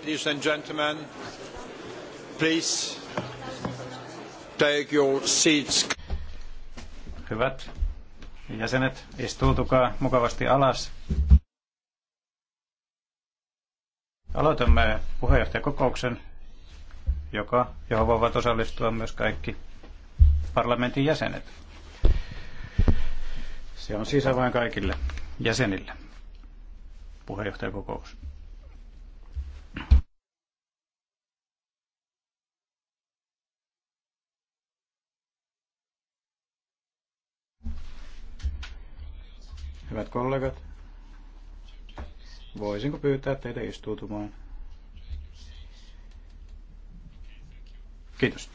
Ladies and gentlemen, please take your seats. Hyvät jäsenet, istuutukaa mukavasti alas. Aloitamme puheenjohtajakokouksen, joka, johon voivat osallistua myös kaikki parlamentin jäsenet. Se on sisä vain kaikille jäsenille. Puheenjohtajakokous. Hyvät kollegat, voisinko pyytää teitä istuutumaan? Kiitos.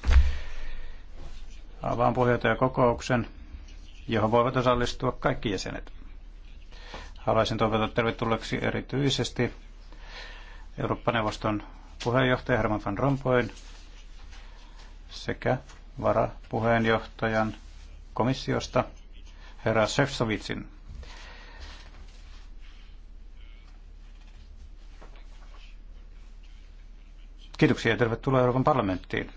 Avaan kokouksen, johon voivat osallistua kaikki jäsenet. Haluaisin toivottaa tervetulleeksi erityisesti Eurooppa-neuvoston puheenjohtaja Herman van Rompuyn sekä varapuheenjohtajan komissiosta herra Sefcovicin. Kiitoksia ja tervetuloa Euroopan parlamenttiin.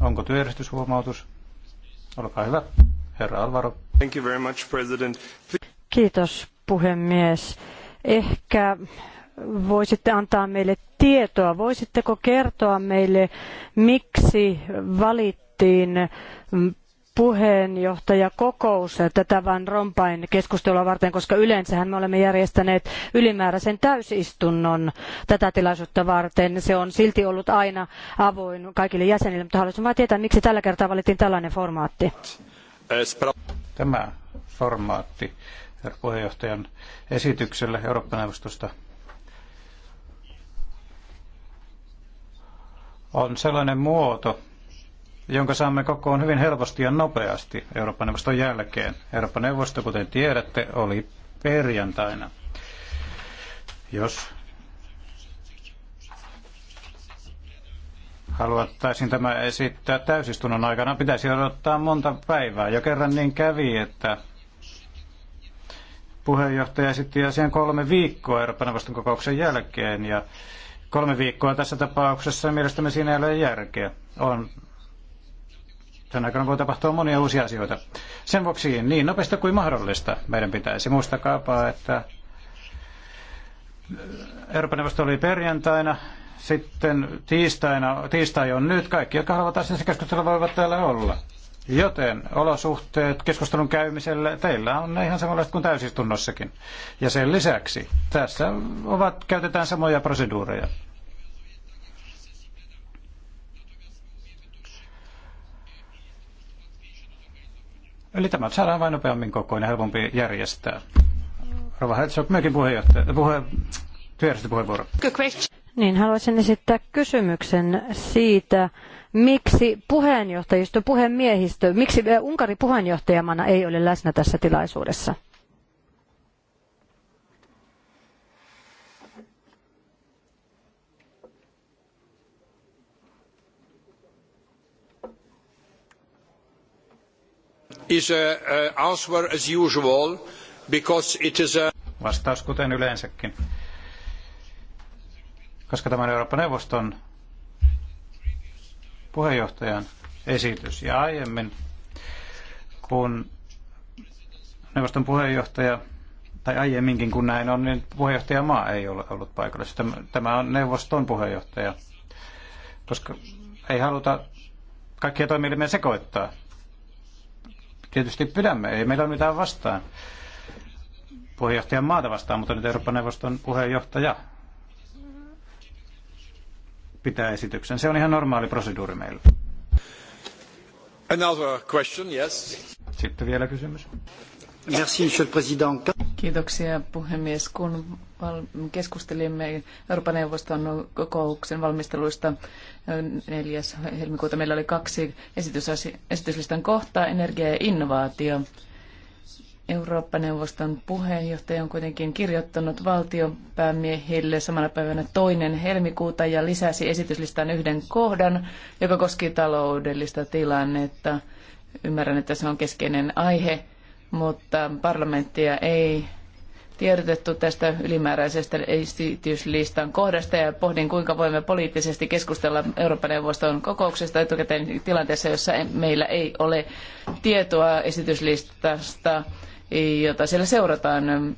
Onko työjärjestyshuomautus? Olkaa hyvä, herra Alvaro. Thank you very much, President. Kiitos, puhemies. Ehkä voisitte antaa meille tietoa. Voisitteko kertoa meille, miksi valittiin puheenjohtajakokous tätä Van Rompain keskustelua varten, koska yleensähän me olemme järjestäneet ylimääräisen täysistunnon tätä tilaisuutta varten. Se on silti ollut aina avoin kaikille jäsenille, mutta haluaisin vain tietää, miksi tällä kertaa valittiin tällainen formaatti. Tämä formaatti puheenjohtajan esitykselle Eurooppa-neuvostosta on sellainen muoto, jonka saamme kokoon hyvin helposti ja nopeasti Euroopan neuvoston jälkeen. Euroopan neuvosto, kuten tiedätte, oli perjantaina. Jos haluattaisin tämä esittää täysistunnon aikana, pitäisi odottaa monta päivää. Jo kerran niin kävi, että puheenjohtaja esitti asian kolme viikkoa Euroopan neuvoston kokouksen jälkeen ja kolme viikkoa tässä tapauksessa mielestäni siinä ei ole järkeä. On Tänä aikana voi tapahtua monia uusia asioita. Sen vuoksi niin nopeasti kuin mahdollista meidän pitäisi. Muistakaapa, että äh, Euroopan neuvosto oli perjantaina, sitten tiistaina, tiistai on nyt, kaikki, jotka haluavat asiassa keskustella, voivat täällä olla. Joten olosuhteet keskustelun käymiselle teillä on ihan samanlaiset kuin täysistunnossakin. Ja sen lisäksi tässä ovat, käytetään samoja proseduureja. Eli tämä saadaan vain nopeammin kokoinen ja helpompi järjestää. Rova Hetsok, myöskin puheenjohtaja, puhe, työjärjestöpuheenvuoro. Niin, haluaisin esittää kysymyksen siitä, miksi puheenjohtajisto, puhemiehistö, miksi eh, Unkari puheenjohtajamana ei ole läsnä tässä tilaisuudessa? is a answer as usual because it is a... Vastaus kuten yleensäkin. Koska tämä on Euroopan neuvoston puheenjohtajan esitys ja aiemmin kun neuvoston puheenjohtaja tai aiemminkin kun näin on, niin puheenjohtajamaa ei ole ollut paikalla. Siis tämä on neuvoston puheenjohtaja, koska ei haluta kaikkia toimielimiä sekoittaa tietysti pidämme. Ei meillä ole mitään vastaan puheenjohtajan maata vastaan, mutta nyt Euroopan neuvoston puheenjohtaja pitää esityksen. Se on ihan normaali proseduuri meillä. Another question, yes. Sitten vielä kysymys. Merci, monsieur le président. Kiitoksia puhemies. Kun keskustelimme Euroopan neuvoston kokouksen valmisteluista 4. helmikuuta, meillä oli kaksi esityslistan kohtaa, energia ja innovaatio. Eurooppa-neuvoston puheenjohtaja on kuitenkin kirjoittanut valtionpäämiehille samana päivänä toinen helmikuuta ja lisäsi esityslistan yhden kohdan, joka koski taloudellista tilannetta. Ymmärrän, että se on keskeinen aihe mutta parlamenttia ei tiedotettu tästä ylimääräisestä esityslistan kohdasta ja pohdin, kuinka voimme poliittisesti keskustella Euroopan neuvoston kokouksesta etukäteen tilanteessa, jossa meillä ei ole tietoa esityslistasta, jota siellä seurataan.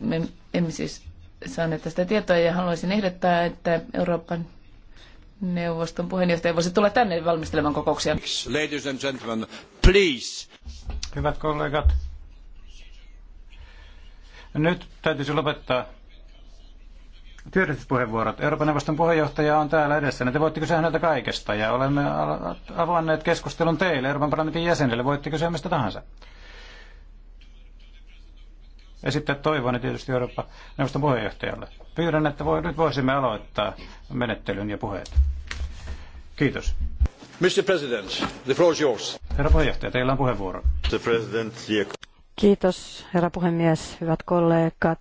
Me emme siis saaneet tästä tietoa ja haluaisin ehdottaa, että Euroopan neuvoston puheenjohtaja voisi tulla tänne valmistelemaan kokouksia. Ladies and gentlemen, please. Hyvät kollegat, nyt täytyisi lopettaa työllisyyspuheenvuorot. Euroopan neuvoston puheenjohtaja on täällä edessä. Te voitte kysyä häneltä kaikesta ja olemme avanneet keskustelun teille, Euroopan parlamentin jäsenille. Voitte kysyä mistä tahansa esittää toivoni tietysti Euroopan neuvoston puheenjohtajalle. Pyydän, että voi, nyt voisimme aloittaa menettelyn ja puheet. Kiitos. Mr. President, the floor is yours. Herra puheenjohtaja, teillä on puheenvuoro. The president, the... Kiitos, herra puhemies, hyvät kollegat.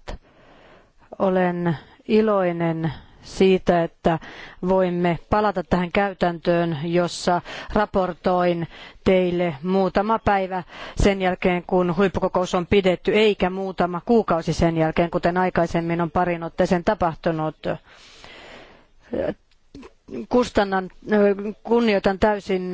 Olen iloinen siitä, että voimme palata tähän käytäntöön, jossa raportoin teille muutama päivä sen jälkeen, kun huippukokous on pidetty, eikä muutama kuukausi sen jälkeen, kuten aikaisemmin on parin otteeseen tapahtunut kustannan, kunnioitan täysin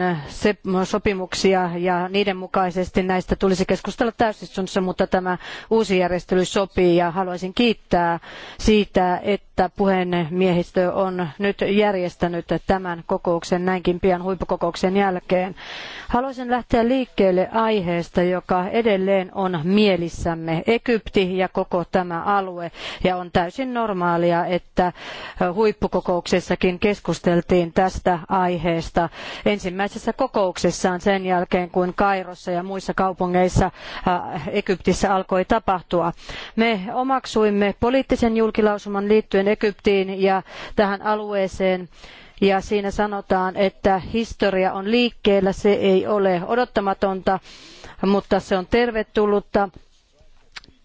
sopimuksia ja niiden mukaisesti näistä tulisi keskustella täysistunnossa, mutta tämä uusi järjestely sopii ja haluaisin kiittää siitä, että että puhemiehistö on nyt järjestänyt tämän kokouksen näinkin pian huippukokouksen jälkeen. Haluaisin lähteä liikkeelle aiheesta, joka edelleen on mielissämme. Egypti ja koko tämä alue. Ja on täysin normaalia, että huippukokouksessakin keskusteltiin tästä aiheesta ensimmäisessä kokouksessaan sen jälkeen, kun Kairossa ja muissa kaupungeissa äh, Egyptissä alkoi tapahtua. Me omaksuimme poliittisen julkilausuman liittyen Egyptiin ja tähän alueeseen. Ja siinä sanotaan, että historia on liikkeellä, se ei ole odottamatonta, mutta se on tervetullutta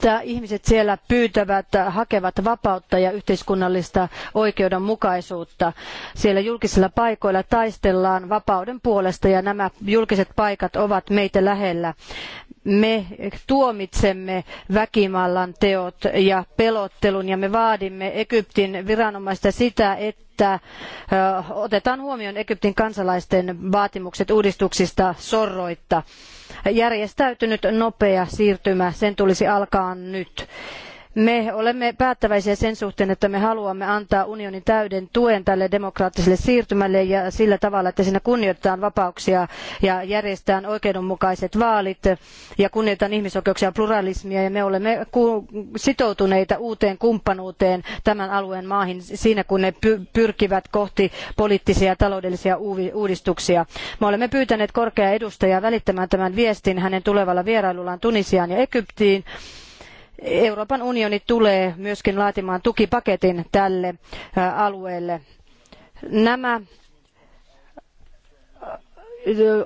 että ihmiset siellä pyytävät, hakevat vapautta ja yhteiskunnallista oikeudenmukaisuutta. Siellä julkisilla paikoilla taistellaan vapauden puolesta ja nämä julkiset paikat ovat meitä lähellä. Me tuomitsemme väkivallan teot ja pelottelun ja me vaadimme Egyptin viranomaista sitä, että otetaan huomioon Egyptin kansalaisten vaatimukset uudistuksista sorroitta järjestäytynyt nopea siirtymä, sen tulisi alkaa nyt. Me olemme päättäväisiä sen suhteen, että me haluamme antaa unionin täyden tuen tälle demokraattiselle siirtymälle ja sillä tavalla, että siinä kunnioitetaan vapauksia ja järjestetään oikeudenmukaiset vaalit ja kunnioitetaan ihmisoikeuksia ja pluralismia. Ja me olemme sitoutuneita uuteen kumppanuuteen tämän alueen maahin siinä, kun ne pyrkivät kohti poliittisia ja taloudellisia uudistuksia. Me olemme pyytäneet korkeaa edustajaa välittämään tämän viestin hänen tulevalla vierailullaan Tunisiaan ja Egyptiin. Euroopan unioni tulee myöskin laatimaan tukipaketin tälle alueelle. Nämä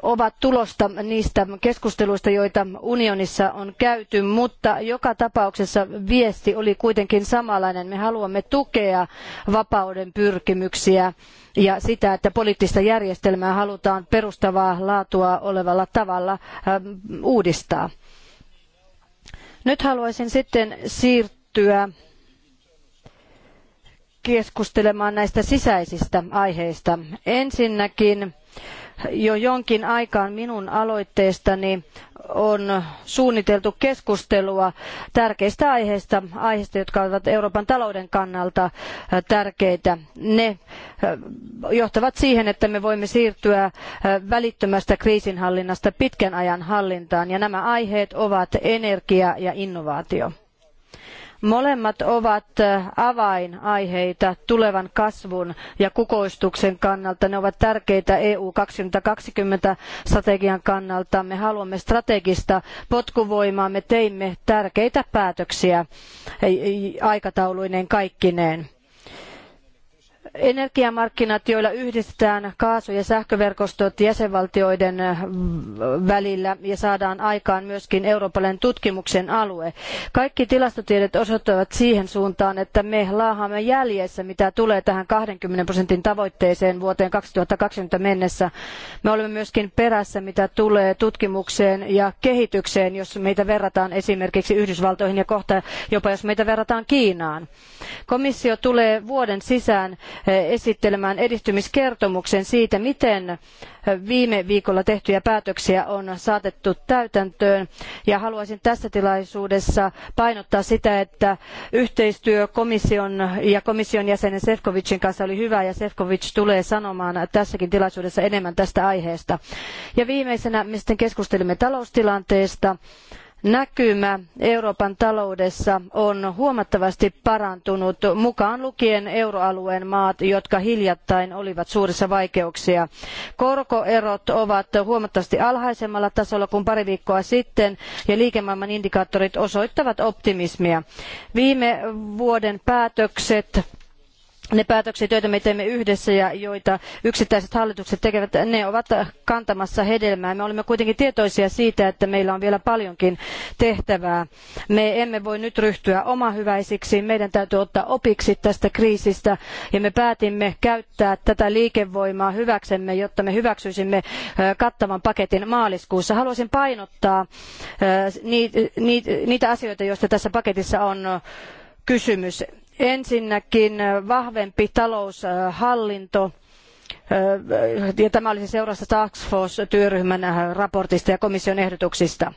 ovat tulosta niistä keskusteluista, joita unionissa on käyty, mutta joka tapauksessa viesti oli kuitenkin samanlainen. Me haluamme tukea vapauden pyrkimyksiä ja sitä, että poliittista järjestelmää halutaan perustavaa laatua olevalla tavalla uudistaa. Nyt haluaisin sitten siirtyä keskustelemaan näistä sisäisistä aiheista. Ensinnäkin jo jonkin aikaa minun aloitteestani on suunniteltu keskustelua tärkeistä aiheista, aiheista, jotka ovat Euroopan talouden kannalta äh, tärkeitä. Ne äh, johtavat siihen, että me voimme siirtyä äh, välittömästä kriisinhallinnasta pitkän ajan hallintaan, ja nämä aiheet ovat energia ja innovaatio. Molemmat ovat äh, avainaiheita tulevan kasvun ja kukoistuksen kannalta. Ne ovat tärkeitä EU 2020 strategian kannalta. Me haluamme strategista potkuvoimaa. Me teimme tärkeitä päätöksiä aikatauluineen kaikkineen energiamarkkinat, joilla yhdistetään kaasu- ja sähköverkostot jäsenvaltioiden välillä ja saadaan aikaan myöskin eurooppalainen tutkimuksen alue. Kaikki tilastotiedet osoittavat siihen suuntaan, että me laahaamme jäljessä, mitä tulee tähän 20 prosentin tavoitteeseen vuoteen 2020 mennessä. Me olemme myöskin perässä, mitä tulee tutkimukseen ja kehitykseen, jos meitä verrataan esimerkiksi Yhdysvaltoihin ja kohta jopa jos meitä verrataan Kiinaan. Komissio tulee vuoden sisään Eh, esittelemään edistymiskertomuksen siitä, miten eh, viime viikolla tehtyjä päätöksiä on saatettu täytäntöön. Ja haluaisin tässä tilaisuudessa painottaa sitä, että yhteistyö komission ja komission jäsenen Sefcovicin kanssa oli hyvä ja Sefcovic tulee sanomaan tässäkin tilaisuudessa enemmän tästä aiheesta. Ja viimeisenä me sitten keskustelimme taloustilanteesta näkymä Euroopan taloudessa on huomattavasti parantunut, mukaan lukien euroalueen maat, jotka hiljattain olivat suurissa vaikeuksissa. Korkoerot ovat huomattavasti alhaisemmalla tasolla kuin pari viikkoa sitten, ja liikemaailman indikaattorit osoittavat optimismia. Viime vuoden päätökset ne päätökset, joita me teemme yhdessä ja joita yksittäiset hallitukset tekevät, ne ovat kantamassa hedelmää. Me olemme kuitenkin tietoisia siitä, että meillä on vielä paljonkin tehtävää. Me emme voi nyt ryhtyä omahyväisiksi, meidän täytyy ottaa opiksi tästä kriisistä ja me päätimme käyttää tätä liikevoimaa hyväksemme, jotta me hyväksyisimme kattavan paketin maaliskuussa. Haluaisin painottaa niitä asioita, joista tässä paketissa on kysymys. Ensinnäkin vahvempi taloushallinto ja tämä olisi seurausta Task Force-työryhmän äh, raportista ja komission ehdotuksista.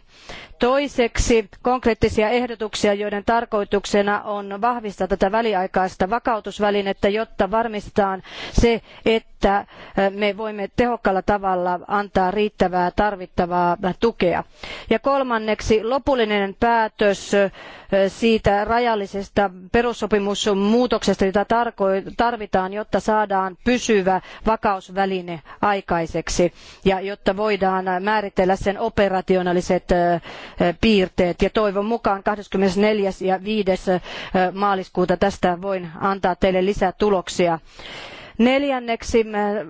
Toiseksi konkreettisia ehdotuksia, joiden tarkoituksena on vahvistaa tätä väliaikaista vakautusvälinettä, jotta varmistetaan se, että me voimme tehokkaalla tavalla antaa riittävää tarvittavaa tukea. Ja kolmanneksi lopullinen päätös siitä rajallisesta perussopimusmuutoksesta, jota tarvitaan, jotta saadaan pysyvä vakausväline aikaiseksi ja jotta voidaan määritellä sen operationaaliset piirteet. Ja toivon mukaan 24. ja 5. maaliskuuta tästä voin antaa teille lisää tuloksia. Neljänneksi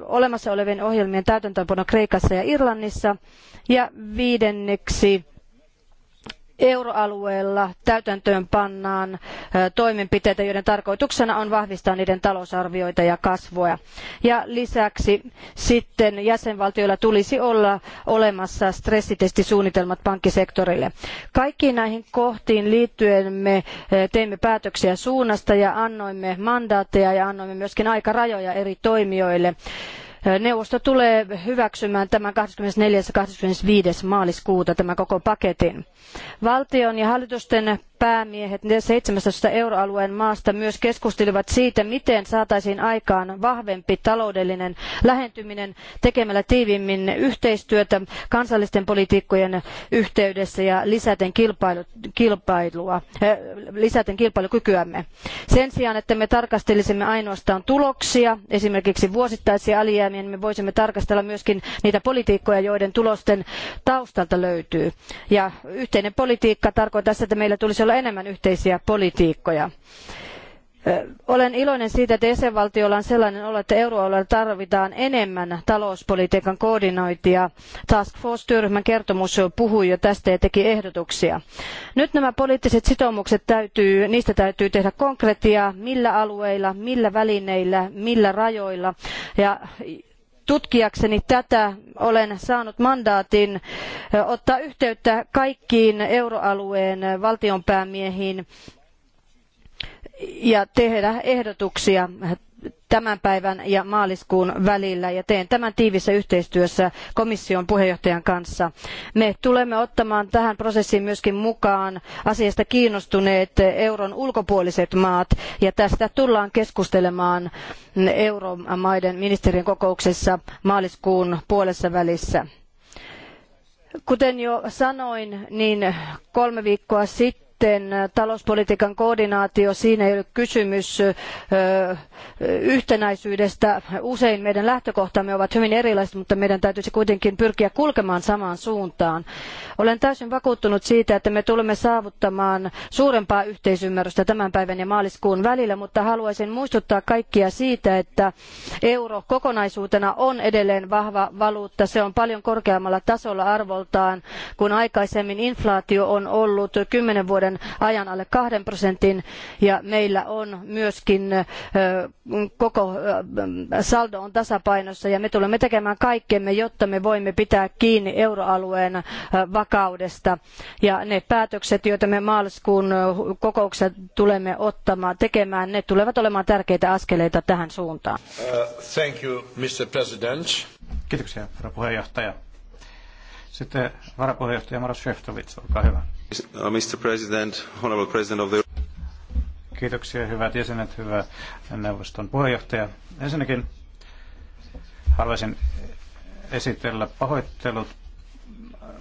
olemassa olevien ohjelmien täytäntöönpano Kreikassa ja Irlannissa ja viidenneksi euroalueella täytäntöön pannaan toimenpiteitä, joiden tarkoituksena on vahvistaa niiden talousarvioita ja kasvua. Ja lisäksi sitten jäsenvaltioilla tulisi olla olemassa stressitestisuunnitelmat pankkisektorille. Kaikkiin näihin kohtiin liittyen me teimme päätöksiä suunnasta ja annoimme mandaatteja ja annoimme myöskin aikarajoja eri toimijoille. Neuvosto tulee hyväksymään tämän 24. ja 25. maaliskuuta tämän koko paketin. Valtion ja hallitusten päämiehet 17 euroalueen maasta myös keskustelivat siitä, miten saataisiin aikaan vahvempi taloudellinen lähentyminen tekemällä tiiviimmin yhteistyötä kansallisten politiikkojen yhteydessä ja lisäten, kilpailu, kilpailua, eh, lisäten kilpailukykyämme. Sen sijaan, että me tarkastelisimme ainoastaan tuloksia, esimerkiksi vuosittaisia alijäämiä, niin me voisimme tarkastella myöskin niitä politiikkoja, joiden tulosten taustalta löytyy. Ja yhteinen politiikka tarkoittaa sitä, että meillä tulisi olla olla enemmän yhteisiä politiikkoja. Olen iloinen siitä, että jäsenvaltiolla on sellainen olo, että euroalueella tarvitaan enemmän talouspolitiikan koordinointia. Task Force-työryhmän kertomus puhui jo tästä ja teki ehdotuksia. Nyt nämä poliittiset sitoumukset täytyy, niistä täytyy tehdä konkretiaa, millä alueilla, millä välineillä, millä rajoilla ja tutkiakseni tätä olen saanut mandaatin ottaa yhteyttä kaikkiin euroalueen valtionpäämiehiin ja tehdä ehdotuksia tämän päivän ja maaliskuun välillä ja teen tämän tiivissä yhteistyössä komission puheenjohtajan kanssa. Me tulemme ottamaan tähän prosessiin myöskin mukaan asiasta kiinnostuneet euron ulkopuoliset maat ja tästä tullaan keskustelemaan euromaiden ministerien kokouksessa maaliskuun puolessa välissä. Kuten jo sanoin, niin kolme viikkoa sitten sitten äh, talouspolitiikan koordinaatio, siinä ei ole kysymys äh, yhtenäisyydestä. Usein meidän lähtökohtamme ovat hyvin erilaiset, mutta meidän täytyisi kuitenkin pyrkiä kulkemaan samaan suuntaan. Olen täysin vakuuttunut siitä, että me tulemme saavuttamaan suurempaa yhteisymmärrystä tämän päivän ja maaliskuun välillä, mutta haluaisin muistuttaa kaikkia siitä, että euro kokonaisuutena on edelleen vahva valuutta. Se on paljon korkeammalla tasolla arvoltaan kuin aikaisemmin inflaatio on ollut kymmenen vuoden vuoden ajan alle kahden prosentin ja meillä on myöskin koko saldo on tasapainossa ja me tulemme tekemään kaikkemme, jotta me voimme pitää kiinni euroalueen vakaudesta. Ja ne päätökset, joita me maaliskuun kokouksessa tulemme ottamaan, tekemään, ne tulevat olemaan tärkeitä askeleita tähän suuntaan. Uh, thank you, Mr. President. Kiitoksia, herra puheenjohtaja. Sitten varapuheenjohtaja Maros Sheftovits, olkaa hyvä. Uh, Mr. President, Honorable President of the... Kiitoksia hyvät jäsenet, hyvä neuvoston puheenjohtaja. Ensinnäkin haluaisin esitellä pahoittelut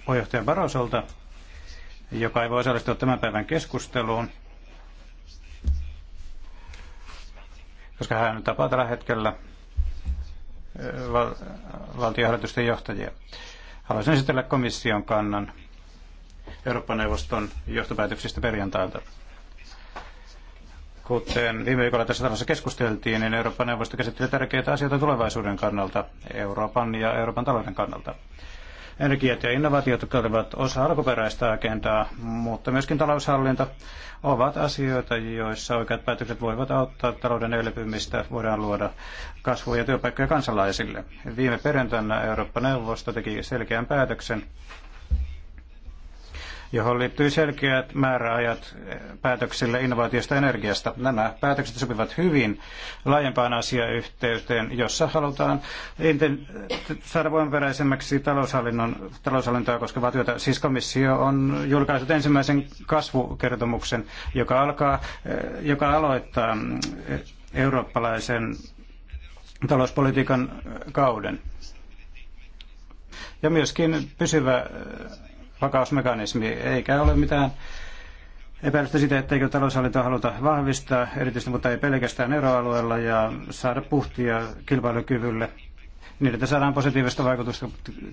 puheenjohtaja Barosolta, joka ei voi osallistua tämän päivän keskusteluun, koska hän tapaa tällä hetkellä eh, val- valtionhallitusten johtajia. Haluaisin esitellä komission kannan Eurooppa-neuvoston johtopäätöksistä perjantailta. Kuten viime viikolla tässä talossa keskusteltiin, niin Euroopan neuvosto käsitteli tärkeitä asioita tulevaisuuden kannalta, Euroopan ja Euroopan talouden kannalta. Energiat ja innovaatiot, jotka olivat osa alkuperäistä agendaa, mutta myöskin taloushallinta, ovat asioita, joissa oikeat päätökset voivat auttaa talouden elpymistä, voidaan luoda kasvua ja työpaikkoja kansalaisille. Viime perjantaina Eurooppa-neuvosto teki selkeän päätöksen johon liittyy selkeät määräajat päätöksille innovaatiosta energiasta. Nämä päätökset sopivat hyvin laajempaan asiayhteyteen, jossa halutaan saada voimaperäisemmäksi taloushallinnon, taloushallintoa koskevaa työtä. Siis komissio on julkaissut ensimmäisen kasvukertomuksen, joka, alkaa, joka aloittaa eurooppalaisen talouspolitiikan kauden. Ja myöskin pysyvä vakausmekanismi, eikä ole mitään epäilystä siitä, etteikö taloushallintoa haluta vahvistaa, erityisesti mutta ei pelkästään euroalueella, ja saada puhtia kilpailukyvylle. Niin, että saadaan positiivista vaikutusta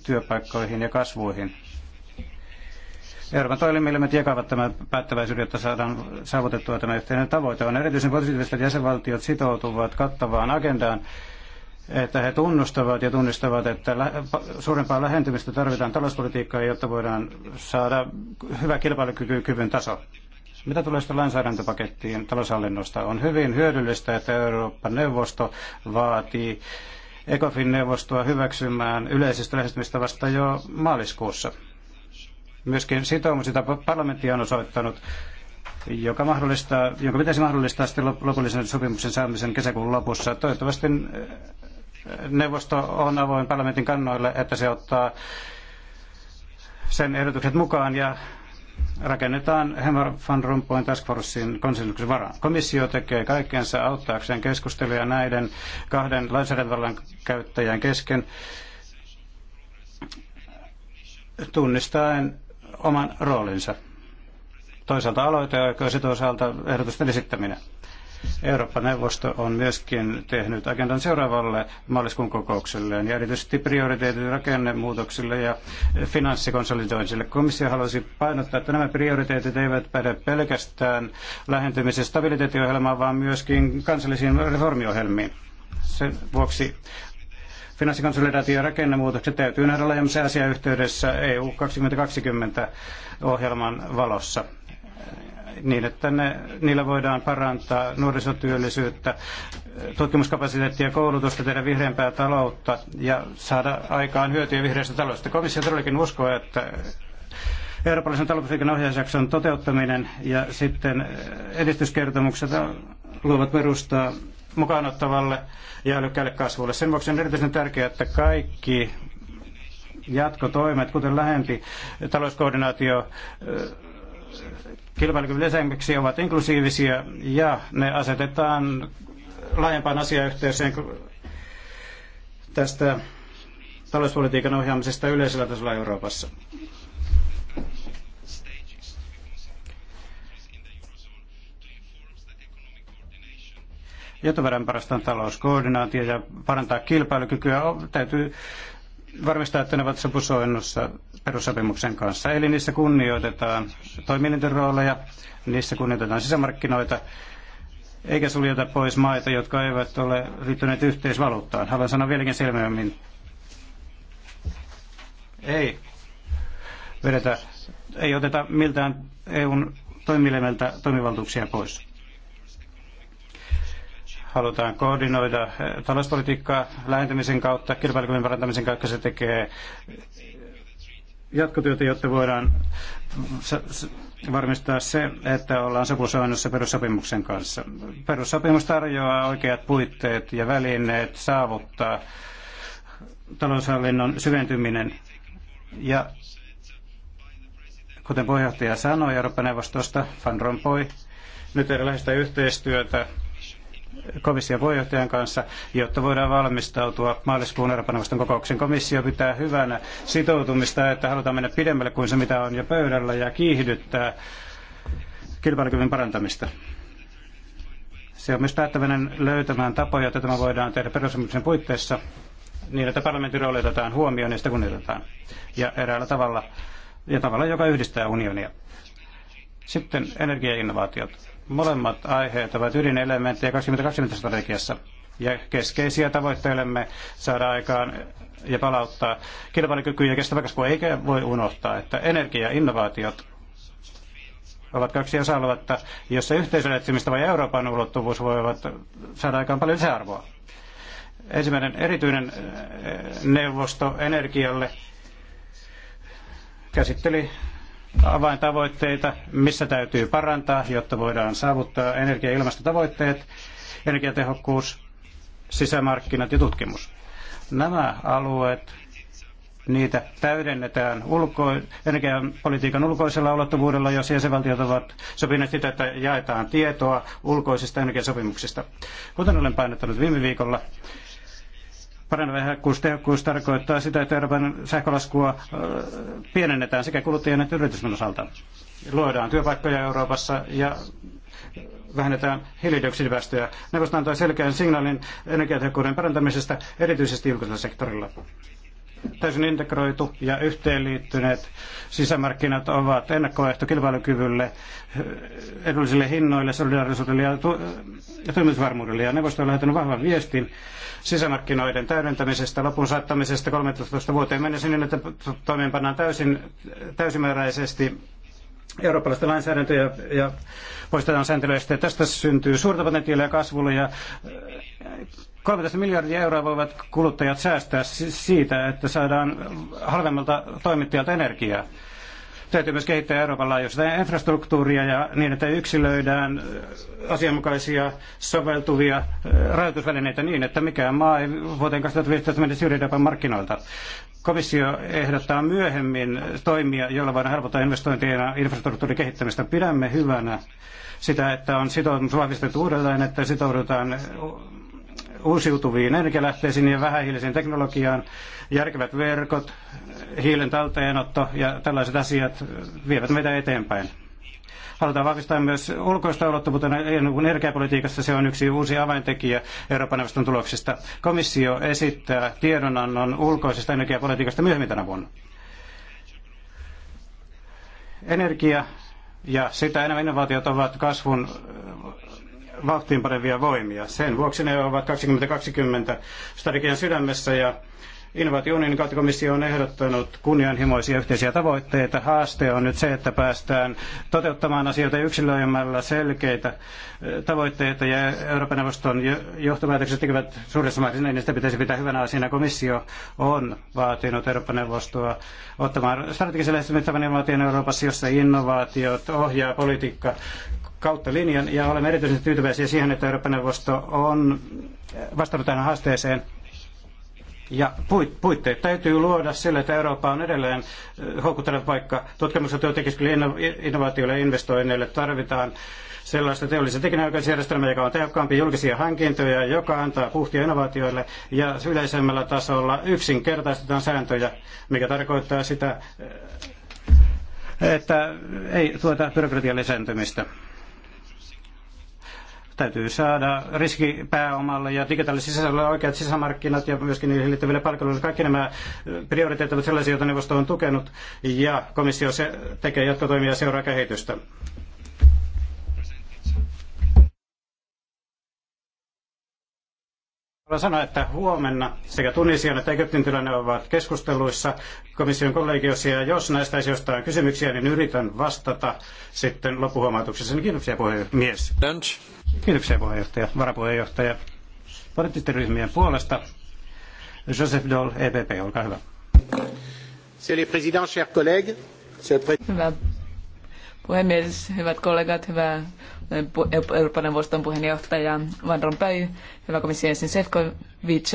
työpaikkoihin ja kasvuihin. Euroopan me jakavat tämän päättäväisyyden, jotta saadaan saavutettua tämä yhteinen tavoite. On erityisen positiivista, että jäsenvaltiot sitoutuvat kattavaan agendaan, että he tunnustavat ja tunnistavat, että suurempaa lähentymistä tarvitaan talouspolitiikkaa, jotta voidaan saada hyvä kilpailukykykyvyn taso. Mitä tulee sitten lainsäädäntöpakettiin taloushallinnosta? On hyvin hyödyllistä, että Euroopan neuvosto vaatii ECOFIN-neuvostoa hyväksymään yleisestä lähestymistavasta jo maaliskuussa. Myöskin sitoumus, sitä parlamentti on osoittanut, joka mahdollistaa, jonka pitäisi mahdollistaa sitten lopullisen sopimuksen saamisen kesäkuun lopussa. Toivottavasti neuvosto on avoin parlamentin kannoille, että se ottaa sen ehdotukset mukaan ja rakennetaan Hemar van Rompuyn task forcein konsensuksen varaan. Komissio tekee kaikkensa auttaakseen keskusteluja näiden kahden lainsäädäntövallan käyttäjän kesken tunnistaen oman roolinsa. Toisaalta aloiteoikeus ja toisaalta ehdotusten esittäminen. Eurooppa-neuvosto on myöskin tehnyt agendan seuraavalle maaliskuun kokoukselleen ja erityisesti prioriteetit rakennemuutoksille ja finanssikonsolidoinnille. Komissio halusi painottaa, että nämä prioriteetit eivät päde pelkästään lähentymisen stabiliteettiohjelmaan, vaan myöskin kansallisiin reformiohjelmiin. Sen vuoksi finanssikonsolidaatio ja rakennemuutokset täytyy nähdä laajemmassa asiayhteydessä EU 2020 ohjelman valossa niin, että ne, niillä voidaan parantaa nuorisotyöllisyyttä, tutkimuskapasiteettia, koulutusta, tehdä vihreämpää taloutta ja saada aikaan hyötyä vihreästä taloudesta. Komissio todellakin uskoo, että eurooppalaisen talouspolitiikan ohjausjakson toteuttaminen ja sitten edistyskertomukset luovat perustaa mukaanottavalle ja älykkäälle kasvulle. Sen vuoksi on erityisen tärkeää, että kaikki jatkotoimet, kuten lähempi talouskoordinaatio, kilpailukyvyn lisäämiseksi ovat inklusiivisia ja ne asetetaan laajempaan asiayhteyteen tästä talouspolitiikan ohjaamisesta yleisellä tasolla Euroopassa. Jonkun verran parastaan talouskoordinaatio ja parantaa kilpailukykyä. Täytyy varmistaa, että ne ovat sopusoinnussa perussopimuksen kanssa. Eli niissä kunnioitetaan toimielinten rooleja, niissä kunnioitetaan sisämarkkinoita, eikä suljeta pois maita, jotka eivät ole liittyneet yhteisvaluuttaan. Haluan sanoa vieläkin selvemmin. Ei vedetä, ei oteta miltään EUn toimilemeltä toimivaltuuksia pois. Halutaan koordinoida talouspolitiikkaa lähentämisen kautta, kilpailukyvyn parantamisen kautta. Se tekee jatkotyötä, jotta voidaan varmistaa se, että ollaan sopusoinnussa perussopimuksen kanssa. Perussopimus tarjoaa oikeat puitteet ja välineet saavuttaa taloushallinnon syventyminen ja kuten puheenjohtaja sanoi Eurooppa-neuvostosta, Van Rompuy, nyt erilaista yhteistyötä komission puheenjohtajan kanssa, jotta voidaan valmistautua maaliskuun Euroopan neuvoston kokoukseen. Komissio pitää hyvänä sitoutumista, että halutaan mennä pidemmälle kuin se, mitä on jo pöydällä, ja kiihdyttää kilpailukyvyn parantamista. Se on myös päättäväinen löytämään tapoja, jotta tämä voidaan tehdä perussopimuksen puitteissa niin, että parlamentin rooli otetaan huomioon ja sitä kunnioitetaan. Ja eräällä tavalla, ja tavalla, joka yhdistää unionia. Sitten energiainnovaatiot. Molemmat aiheet ovat ydinelementtejä 2020-strategiassa ja keskeisiä tavoitteillemme saada aikaan ja palauttaa kilpailukyky ja kestävä kasvu, eikä voi unohtaa, että energia ja innovaatiot ovat kaksi osa-aluetta, jossa etsimistä ja Euroopan ulottuvuus voivat saada aikaan paljon lisäarvoa. Ensimmäinen erityinen eh, neuvosto energialle käsitteli avaintavoitteita, missä täytyy parantaa, jotta voidaan saavuttaa energia- ja ilmastotavoitteet, energiatehokkuus, sisämarkkinat ja tutkimus. Nämä alueet, niitä täydennetään ulko- energiapolitiikan ulkoisella ulottuvuudella, jos jäsenvaltiot ovat sopineet sitä, että jaetaan tietoa ulkoisista energiasopimuksista. Kuten olen painottanut viime viikolla, Paraneva tehokkuus tarkoittaa sitä, että Euroopan sähkölaskua pienennetään sekä kuluttajien että yritysten osalta. Luodaan työpaikkoja Euroopassa ja vähennetään hiilidioksidipäästöjä. Neuvosto antoi selkeän signaalin energiatehokkuuden parantamisesta erityisesti julkisella sektorilla täysin integroitu ja yhteenliittyneet sisämarkkinat ovat ennakkoehto kilpailukyvylle, edullisille hinnoille, solidaarisuudelle ja toimitusvarmuudelle. Ja neuvosto on lähettänyt vahvan viestin sisämarkkinoiden täydentämisestä, lopun saattamisesta 13 vuoteen mennessä niin, että toimeenpannaan täysin, täysimääräisesti eurooppalaista lainsäädäntöä ja, ja poistetaan sääntelyä. Tästä syntyy suurta potentiaalia kasvulle ja 13 miljardia euroa voivat kuluttajat säästää siitä, että saadaan halvemmalta toimittajalta energiaa. Täytyy myös kehittää Euroopan laajuista infrastruktuuria ja niin, että yksilöidään asianmukaisia soveltuvia rajoitusvälineitä niin, että mikään maa ei vuoteen 2015 mennä syrjidäpä markkinoilta. Komissio ehdottaa myöhemmin toimia, joilla voidaan helpottaa investointien ja infrastruktuurin kehittämistä. Pidämme hyvänä sitä, että on sitoutunut vahvistettu uudelleen, että sitoudutaan uusiutuviin energialähteisiin ja vähähiiliseen teknologiaan. Järkevät verkot, hiilen talteenotto ja tällaiset asiat vievät meitä eteenpäin. Halutaan vahvistaa myös ulkoista ulottuvuutta energiapolitiikassa. Se on yksi uusi avaintekijä Euroopan neuvoston tuloksista. Komissio esittää tiedonannon ulkoisesta energiapolitiikasta myöhemmin tänä vuonna. Energia ja sitä enemmän innovaatiot ovat kasvun vauhtiin parevia voimia. Sen vuoksi ne ovat 2020 strategian sydämessä ja Innovaatiounionin kautta komissio on ehdottanut kunnianhimoisia yhteisiä tavoitteita. Haaste on nyt se, että päästään toteuttamaan asioita yksilöimällä selkeitä eh, tavoitteita ja Euroopan neuvoston johtopäätökset tekevät suuressa määrin, niin sitä pitäisi pitää hyvänä asiana. Komissio on vaatinut Euroopan neuvostoa ottamaan strategisen lähestymistavan innovaation Euroopassa, jossa innovaatiot ohjaa politiikka kautta linjan ja olemme erityisen tyytyväisiä siihen, että Euroopan neuvosto on vastannut tähän haasteeseen. Ja puitteet täytyy luoda sille, että Eurooppa on edelleen eh, houkutteleva paikka tutkimukselle, työntekijälle, innovaatioille ja investoinneille. Tarvitaan sellaista teollisen tekinäoikeusjärjestelmää, joka on tehokkaampi julkisia hankintoja, joka antaa puhtia innovaatioille ja yleisemmällä tasolla yksinkertaistetaan sääntöjä, mikä tarkoittaa sitä, eh, että ei tuota byrokratian lisääntymistä. Täytyy saada riskipääomalle ja digitaaliselle sisällölle oikeat sisämarkkinat ja myöskin niihin liittyville palveluille. Kaikki nämä prioriteetit ovat sellaisia, joita neuvosto on tukenut ja komissio se tekee jatkotoimia ja seuraa kehitystä. Haluan sanoa, että huomenna sekä Tunisian että Egyptin tilanne ovat keskusteluissa komission kollegiossa, ja jos näistä asioista on kysymyksiä, niin yritän vastata sitten loppuhuomautuksessa. Niin kiitoksia puhemies. Lunch. Kiitoksia puheenjohtaja, varapuheenjohtaja. Poliittisten ryhmien puolesta Joseph Dole, EPP, olkaa hyvä. Monsieur le Président, chers collègues, Hyvä puhemies, hyvät kollegat, hyvä eh, Euroopan neuvoston puheenjohtaja Van Rompuy, hyvä komission jäsen Sefcovic,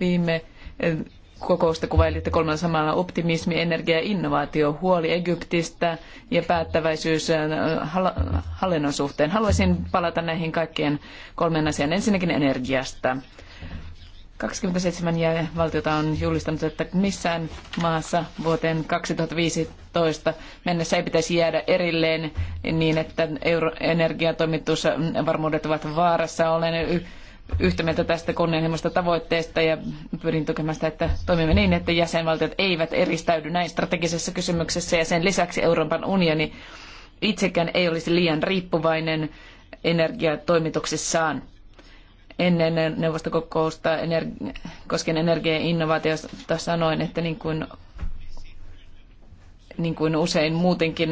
viime eh, kokousta kuvailitte kolmella samalla optimismi, energia ja innovaatio, huoli Egyptistä ja päättäväisyys äh, hallinnon suhteen. Haluaisin palata näihin kaikkien kolmeen asiaan. Ensinnäkin energiasta. 27 ja valtiota on julistanut, että missään maassa vuoteen 2015 mennessä ei pitäisi jäädä erilleen niin, että euro- energiatoimitusvarmuudet ovat vaarassa. Olen yhtä mieltä tästä kunnianhimoista tavoitteesta ja pyrin tukemaan sitä, että toimimme niin, että jäsenvaltiot eivät eristäydy näin strategisessa kysymyksessä ja sen lisäksi Euroopan unioni itsekään ei olisi liian riippuvainen energiatoimituksissaan. Ennen neuvostokokousta ener- koskien energia- ja innovaatiosta sanoin, että niin kuin, niin kuin usein muutenkin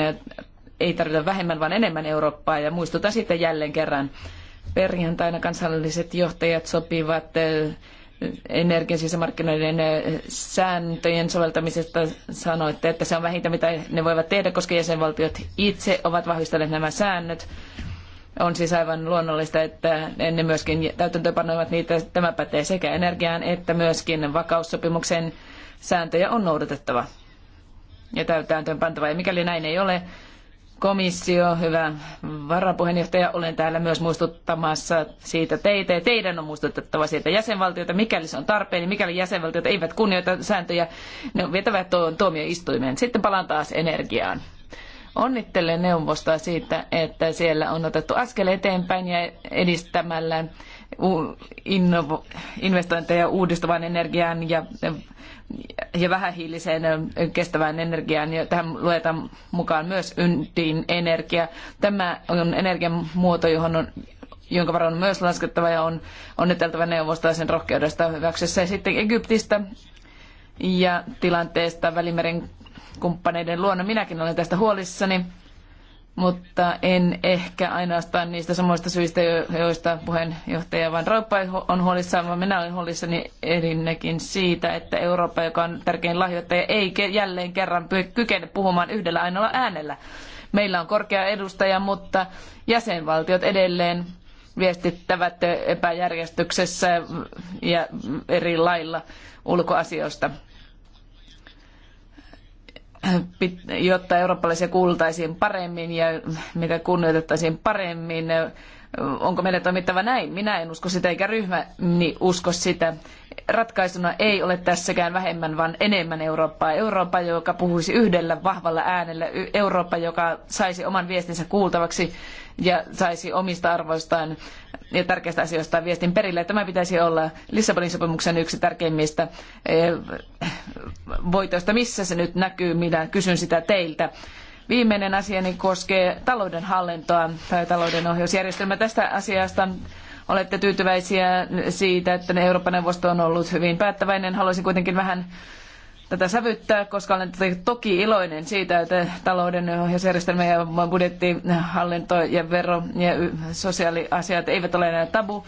ei tarvita vähemmän, vaan enemmän Eurooppaa ja muistutan sitten jälleen kerran Perjantaina kansalliset johtajat sopivat eh, energian sisämarkkinoiden eh, sääntöjen soveltamisesta sanoitte, että se on vähintä, mitä ne voivat tehdä, koska jäsenvaltiot itse ovat vahvistaneet nämä säännöt. On siis aivan luonnollista, että ne myöskin täytäntöönpanoivat niitä. Tämä pätee sekä energiaan että myöskin vakaussopimuksen sääntöjä on noudatettava ja täytäntöönpantava. Ja mikäli näin ei ole, komissio, hyvä varapuheenjohtaja, olen täällä myös muistuttamassa siitä teitä ja teidän on muistutettava siitä jäsenvaltioita, mikäli se on tarpeen, niin mikäli jäsenvaltiot eivät kunnioita sääntöjä, ne on vietävä tuomioistuimeen. Sitten palaan taas energiaan. Onnittelen neuvostoa siitä, että siellä on otettu askel eteenpäin ja edistämällä innovo, investointeja uudistuvaan energiaan ja, ja vähähiiliseen kestävään energiaan. Ja tähän luetaan mukaan myös ydinenergia. Tämä on energian muoto, johon on jonka varo on myös laskettava ja on onneteltava neuvosta sen rohkeudesta hyväksyssä. Ja sitten Egyptistä ja tilanteesta Välimeren kumppaneiden luona. Minäkin olen tästä huolissani mutta en ehkä ainoastaan niistä samoista syistä, joista puheenjohtaja Van Rauppa on huolissaan, vaan minä olen huolissani erinnekin siitä, että Eurooppa, joka on tärkein lahjoittaja, ei jälleen kerran kykene puhumaan yhdellä ainoalla äänellä. Meillä on korkea edustaja, mutta jäsenvaltiot edelleen viestittävät epäjärjestyksessä ja eri lailla ulkoasioista jotta eurooppalaisia kuultaisiin paremmin ja mitä kunnioitettaisiin paremmin. Onko meidän toimittava näin? Minä en usko sitä, eikä ryhmäni usko sitä. Ratkaisuna ei ole tässäkään vähemmän, vaan enemmän Eurooppaa. Eurooppa, joka puhuisi yhdellä vahvalla äänellä. Eurooppa, joka saisi oman viestinsä kuultavaksi ja saisi omista arvoistaan ja tärkeistä asioista viestin perille. Tämä pitäisi olla Lissabonin sopimuksen yksi tärkeimmistä eh, voitoista. Missä se nyt näkyy? Minä kysyn sitä teiltä. Viimeinen asiani koskee talouden hallintoa tai talouden ohjausjärjestelmää. Tästä asiasta olette tyytyväisiä siitä, että Euroopan neuvosto on ollut hyvin päättäväinen. Haluaisin kuitenkin vähän tätä sävyttää, koska olen toki iloinen siitä, että talouden ohjausjärjestelmä ja budjettihallinto ja vero ja sosiaaliasiat eivät ole enää tabu,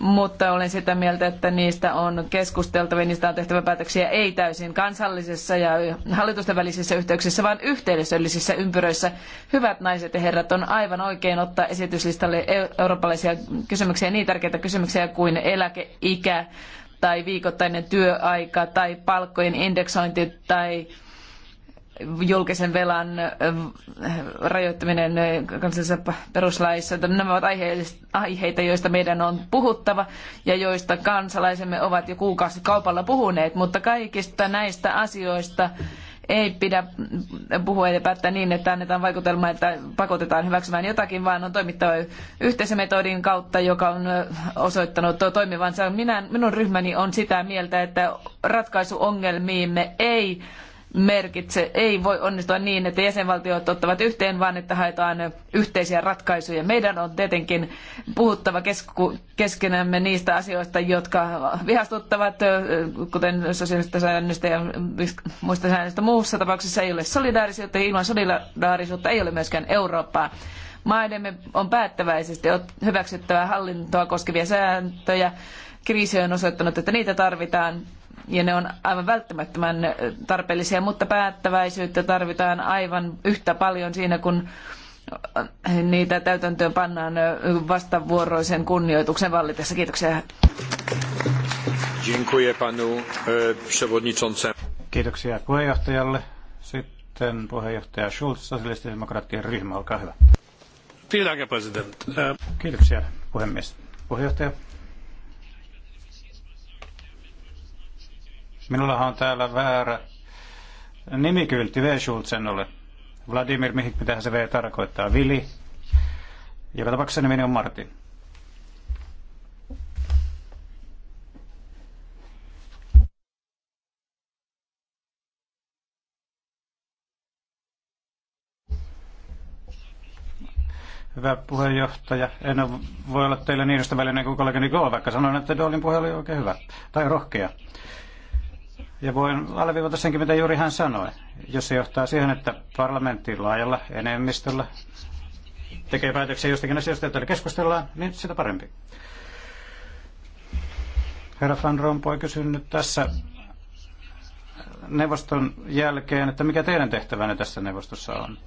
mutta olen sitä mieltä, että niistä on keskusteltava ja niistä on tehtävä päätöksiä ei täysin kansallisessa ja hallitusten välisissä yhteyksissä, vaan yhteisöllisissä ympyröissä. Hyvät naiset ja herrat, on aivan oikein ottaa esityslistalle eurooppalaisia kysymyksiä, niin tärkeitä kysymyksiä kuin eläkeikä, tai viikoittainen työaika tai palkkojen indeksointi tai julkisen velan äh, rajoittaminen äh, kansallisessa peruslaissa. Nämä ovat aiheita, joista meidän on puhuttava ja joista kansalaisemme ovat jo kuukausikaupalla puhuneet, mutta kaikista näistä asioista ei pidä puhua ja päättää niin, että annetaan vaikutelma, että pakotetaan hyväksymään jotakin, vaan on toimittava yhteisömetodin kautta, joka on osoittanut toimivansa. Minä, minun ryhmäni on sitä mieltä, että ratkaisu ongelmiimme ei merkitse. Ei voi onnistua niin, että jäsenvaltiot ottavat yhteen, vaan että haetaan yhteisiä ratkaisuja. Meidän on tietenkin puhuttava kesku- keskenämme niistä asioista, jotka vihastuttavat, kuten sosiaalista säännöstä ja muista säännöistä. Muussa tapauksessa ei ole solidaarisuutta ja ilman solidaarisuutta ei ole myöskään Eurooppaa. Maidemme on päättäväisesti hyväksyttävä hallintoa koskevia sääntöjä. Kriisi on osoittanut, että niitä tarvitaan ja ne on aivan välttämättömän tarpeellisia, mutta päättäväisyyttä tarvitaan aivan yhtä paljon siinä, kun niitä täytäntöön pannaan vastavuoroisen kunnioituksen vallitessa. Kiitoksia. Dziękuję panu e, przewodniczącemu. Kiitoksia puheenjohtajalle. Sitten puheenjohtaja Schulz, sosialistidemokraattien ryhmä, olkaa hyvä. Kiitoksia puhemies. Puheenjohtaja. Minullahan on täällä väärä nimikyltti V. Schulzenolle. Vladimir, mihin mitä se V tarkoittaa? Vili. Joka tapauksessa nimeni on Martin. Hyvä puheenjohtaja. En voi olla teille niin ystävällinen kuin kollegani Go, vaikka sanoin, että Dolin puhe oli oikein hyvä. Tai rohkea. Ja voin alleviivata senkin, mitä juuri hän sanoi. Jos se johtaa siihen, että parlamentti laajalla enemmistöllä tekee päätöksiä jostakin asioista, joita keskustellaan, niin sitä parempi. Herra Van Rompuy kysyi nyt tässä neuvoston jälkeen, että mikä teidän tehtävänne tässä neuvostossa on?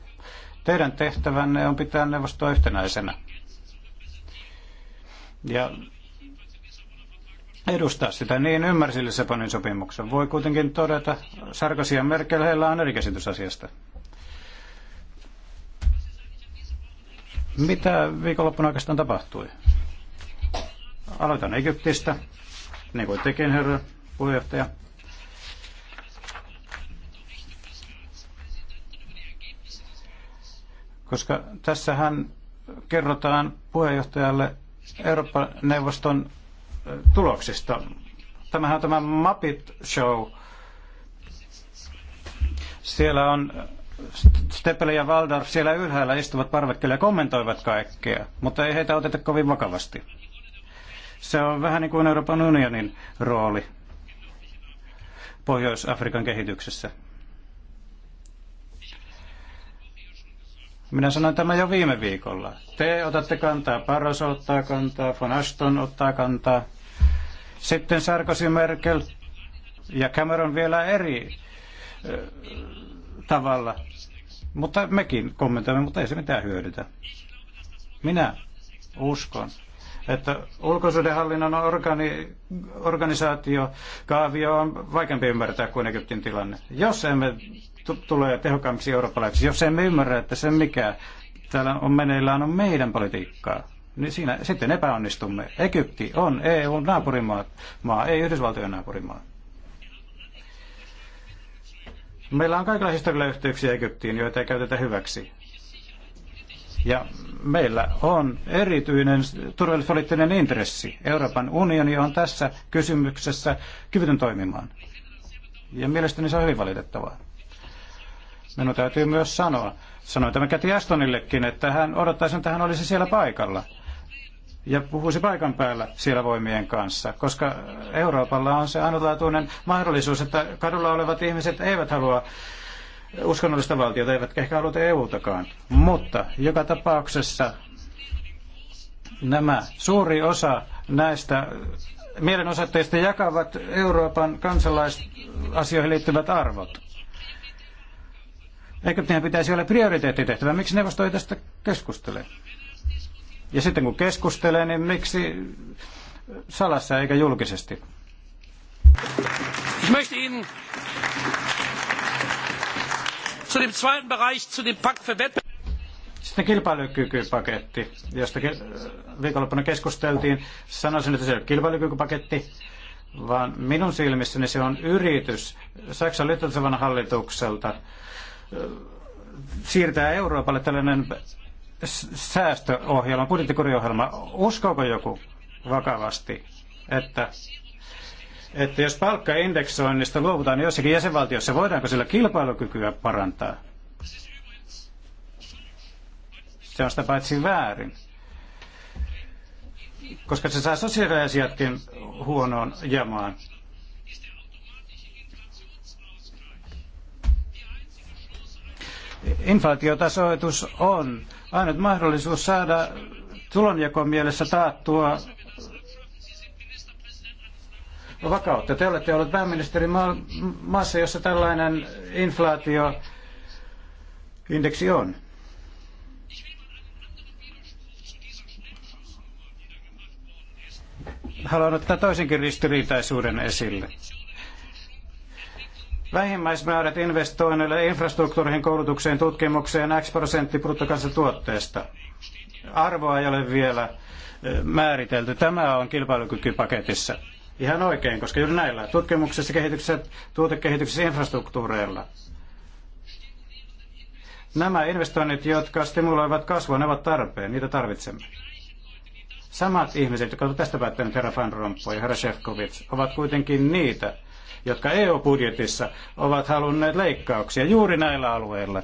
Teidän tehtävänne on pitää neuvostoa yhtenäisenä. Ja edustaa sitä. Niin ymmärsin Lissabonin sopimuksen. Voi kuitenkin todeta, Sarkozy ja Merkel, heillä on eri käsitys asiasta. Mitä viikonloppuna oikeastaan tapahtui? Aloitan Egyptistä, niin kuin tekin, herra puheenjohtaja. Koska tässähän kerrotaan puheenjohtajalle Euroopan neuvoston tuloksista. Tämähän on tämä Muppet Show. Siellä on Steppele ja Waldorf siellä ylhäällä istuvat parvekkeella ja kommentoivat kaikkea, mutta ei heitä oteta kovin vakavasti. Se on vähän niin kuin Euroopan unionin rooli Pohjois-Afrikan kehityksessä. Minä sanoin tämä jo viime viikolla. Te otatte kantaa, Paros ottaa kantaa, Von Ashton ottaa kantaa. Sitten Sarkozy, Merkel ja Cameron vielä eri tavalla. Mutta mekin kommentoimme, mutta ei se mitään hyödytä. Minä uskon, että ulkosuhdehallinnon organi, organisaatio kaavio on vaikeampi ymmärtää kuin Egyptin tilanne. Jos emme tule tehokkaammiksi eurooppalaisiksi, jos emme ymmärrä, että se mikä täällä on meneillään on meidän politiikkaa, niin siinä sitten epäonnistumme. Egypti on EUn naapurimaa, maa, ei Yhdysvaltojen naapurimaa. Meillä on kaikilla historiallisia yhteyksiä Egyptiin, joita ei käytetä hyväksi. Ja meillä on erityinen turvallisuuspoliittinen intressi. Euroopan unioni on tässä kysymyksessä kyvytön toimimaan. Ja mielestäni se on hyvin valitettavaa. Minun täytyy myös sanoa, sanoin tämä Käti Astonillekin, että hän odottaisi, että hän olisi siellä paikalla ja puhuisi paikan päällä siellä voimien kanssa, koska Euroopalla on se ainutlaatuinen mahdollisuus, että kadulla olevat ihmiset eivät halua uskonnollista valtiota, eivät ehkä halua EUtakaan. Mutta joka tapauksessa nämä suuri osa näistä mielenosoitteista jakavat Euroopan kansalaisasioihin liittyvät arvot. Egyptihän pitäisi olla prioriteettitehtävä. Miksi neuvosto ei tästä keskustele? Ja sitten kun keskustelee, niin miksi salassa eikä julkisesti? Ich möchte Ihnen zu dem zweiten Bereich, zu dem Pakt für Wettbewerb. Sitten kilpailukykypaketti, josta viikonloppuna keskusteltiin. Sanoisin, että se ei ole kilpailukykypaketti, vaan minun silmissäni se on yritys Saksan liittotasavallan hallitukselta siirtää Euroopalle tällainen säästöohjelma, budjettikuriohjelma, uskooko joku vakavasti, että, että jos palkkaindeksoinnista luovutaan niin jossakin jäsenvaltiossa, voidaanko sillä kilpailukykyä parantaa? Se on sitä paitsi väärin, koska se saa sosiaaliasiatkin huonoon jamaan. Inflaatiotasoitus on ainut mahdollisuus saada tulonjakon mielessä taattua vakautta. Te olette olleet pääministeri ma- maassa, jossa tällainen inflaatioindeksi on. Haluan ottaa toisenkin ristiriitaisuuden esille vähimmäismäärät investoinneille infrastruktuuriin, koulutukseen, tutkimukseen X prosentti bruttokansantuotteesta. Arvoa ei ole vielä eh, määritelty. Tämä on kilpailukykypaketissa. Ihan oikein, koska juuri näillä tutkimuksessa, kehityksessä, tuotekehityksessä, infrastruktuureilla. Nämä investoinnit, jotka stimuloivat kasvua, ne ovat tarpeen. Niitä tarvitsemme. Samat ihmiset, jotka ovat tästä päättäneet herra Van Rompuy ja herra Shefkovic, ovat kuitenkin niitä, jotka EU-budjetissa ovat halunneet leikkauksia juuri näillä alueilla.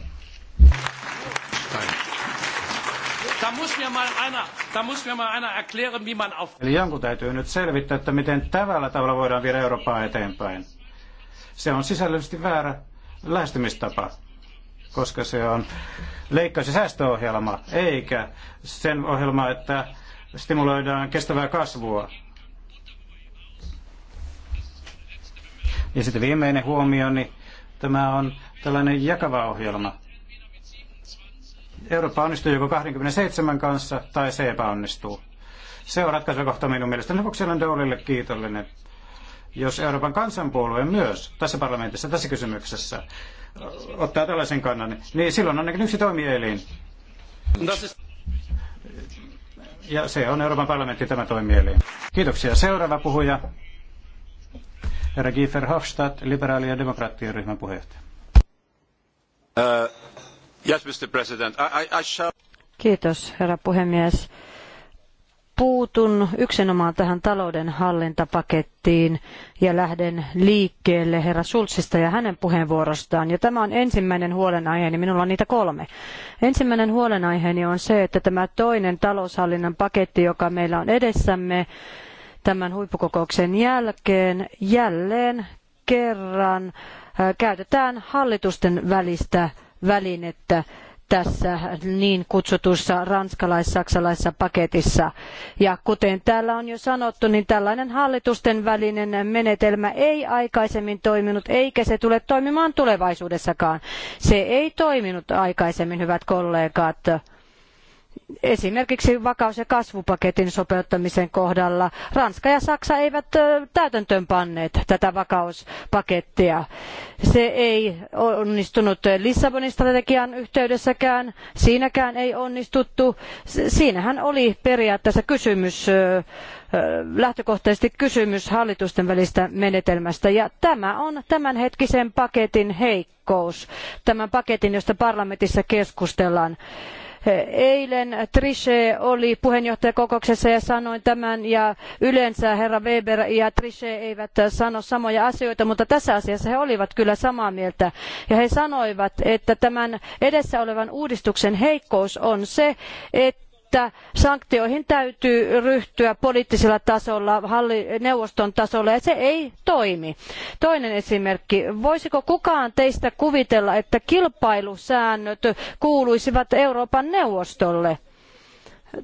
Eli jonkun täytyy nyt selvittää, että miten tällä tavalla voidaan viedä Eurooppaa eteenpäin. Se on sisällöllisesti väärä lähestymistapa, koska se on leikkaus- ja säästöohjelma, eikä sen ohjelma, että stimuloidaan kestävää kasvua. Ja sitten viimeinen huomio, niin tämä on tällainen jakava ohjelma. Eurooppa onnistuu joko 27 kanssa tai se epäonnistuu. Se on ratkaisukohta minun mielestäni. Lopuksi olen Doulille kiitollinen. Jos Euroopan kansanpuolue myös tässä parlamentissa, tässä kysymyksessä, ottaa tällaisen kannan, niin silloin on yksi toimielin. Ja se on Euroopan parlamentti tämä toimielin. Kiitoksia. Seuraava puhuja. Herra Giefer Hofstadt, liberaali- ja demokraattien ryhmän puheenjohtaja. Uh, yes, Mr. President. I, I, shall... Kiitos, herra puhemies. Puutun yksinomaan tähän talouden hallintapakettiin ja lähden liikkeelle herra Sulsista ja hänen puheenvuorostaan. Ja tämä on ensimmäinen huolenaiheeni, minulla on niitä kolme. Ensimmäinen huolenaiheeni on se, että tämä toinen taloushallinnan paketti, joka meillä on edessämme, tämän huippukokouksen jälkeen jälleen kerran käytetään hallitusten välistä välinettä tässä niin kutsutussa ranskalais-saksalaisessa paketissa. Ja kuten täällä on jo sanottu, niin tällainen hallitusten välinen menetelmä ei aikaisemmin toiminut, eikä se tule toimimaan tulevaisuudessakaan. Se ei toiminut aikaisemmin, hyvät kollegat esimerkiksi vakaus- ja kasvupaketin sopeuttamisen kohdalla Ranska ja Saksa eivät täytäntöönpanneet tätä vakauspakettia. Se ei onnistunut Lissabonin strategian yhteydessäkään, siinäkään ei onnistuttu. Siinähän oli periaatteessa kysymys lähtökohtaisesti kysymys hallitusten välistä menetelmästä ja tämä on tämänhetkisen paketin heikkous, tämän paketin, josta parlamentissa keskustellaan. Eilen Trichet oli puheenjohtajakokouksessa ja sanoin tämän ja yleensä herra Weber ja Trichet eivät sano samoja asioita, mutta tässä asiassa he olivat kyllä samaa mieltä. Ja he sanoivat, että tämän edessä olevan uudistuksen heikkous on se, että että sanktioihin täytyy ryhtyä poliittisella tasolla, neuvoston tasolla ja se ei toimi. Toinen esimerkki. Voisiko kukaan teistä kuvitella, että kilpailusäännöt kuuluisivat Euroopan neuvostolle?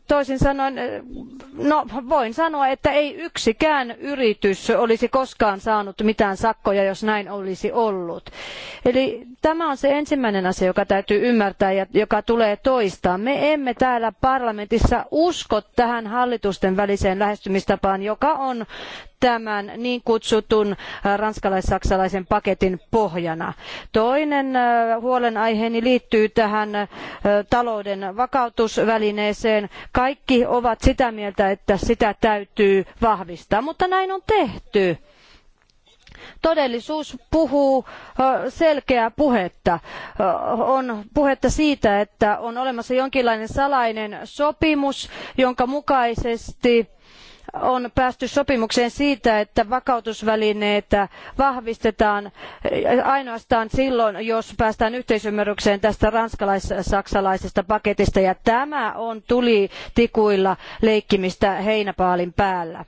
toisin sanoen, eh, no voin sanoa, että ei yksikään yritys olisi koskaan saanut mitään sakkoja, jos näin olisi ollut. Eli tämä on se ensimmäinen asia, joka täytyy ymmärtää ja joka tulee toistaa. Me emme täällä parlamentissa usko tähän hallitusten väliseen lähestymistapaan, joka on tämän niin kutsutun äh, ranskalais-saksalaisen paketin pohjana. Toinen äh, huolenaiheeni liittyy tähän äh, talouden vakautusvälineeseen. Kaikki ovat sitä mieltä, että sitä täytyy vahvistaa, mutta näin on tehty. Todellisuus puhuu selkeää puhetta. On puhetta siitä, että on olemassa jonkinlainen salainen sopimus, jonka mukaisesti on päästy sopimukseen siitä, että vakautusvälineitä vahvistetaan ainoastaan silloin, jos päästään yhteisymmärrykseen tästä ranskalais-saksalaisesta paketista. Ja tämä on tulitikuilla leikkimistä heinäpaalin päällä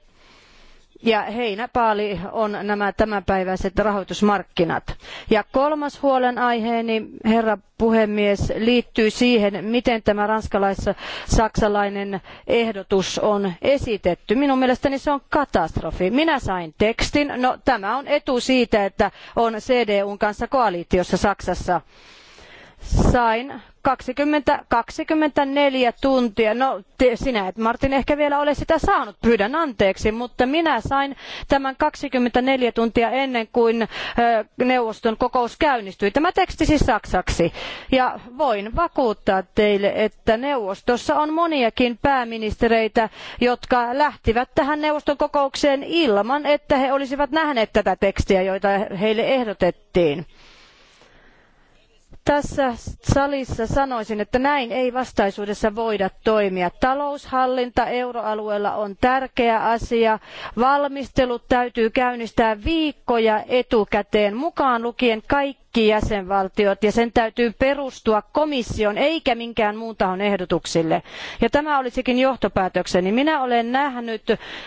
ja heinäpaali on nämä tämänpäiväiset rahoitusmarkkinat. Ja kolmas huolenaiheeni, herra puhemies, liittyy siihen, miten tämä ranskalais-saksalainen ehdotus on esitetty. Minun mielestäni se on katastrofi. Minä sain tekstin. No tämä on etu siitä, että on CDUn kanssa koalitiossa Saksassa sain kaksikymmentä 24 tuntia. No te, sinä et Martin ehkä vielä ole sitä saanut, pyydän anteeksi, mutta minä sain tämän 24 tuntia ennen kuin ö, neuvoston kokous käynnistyi. Tämä teksti siis saksaksi. Ja voin vakuuttaa teille, että neuvostossa on moniakin pääministereitä, jotka lähtivät tähän neuvoston kokoukseen ilman, että he olisivat nähneet tätä tekstiä, jota heille ehdotettiin tässä salissa sanoisin, että näin ei vastaisuudessa voida toimia. Taloushallinta euroalueella on tärkeä asia. Valmistelut täytyy käynnistää viikkoja etukäteen, mukaan lukien kaikki kaikki jäsenvaltiot ja sen täytyy perustua komission eikä minkään muun tahon ehdotuksille. Ja tämä olisikin johtopäätökseni. Minä olen nähnyt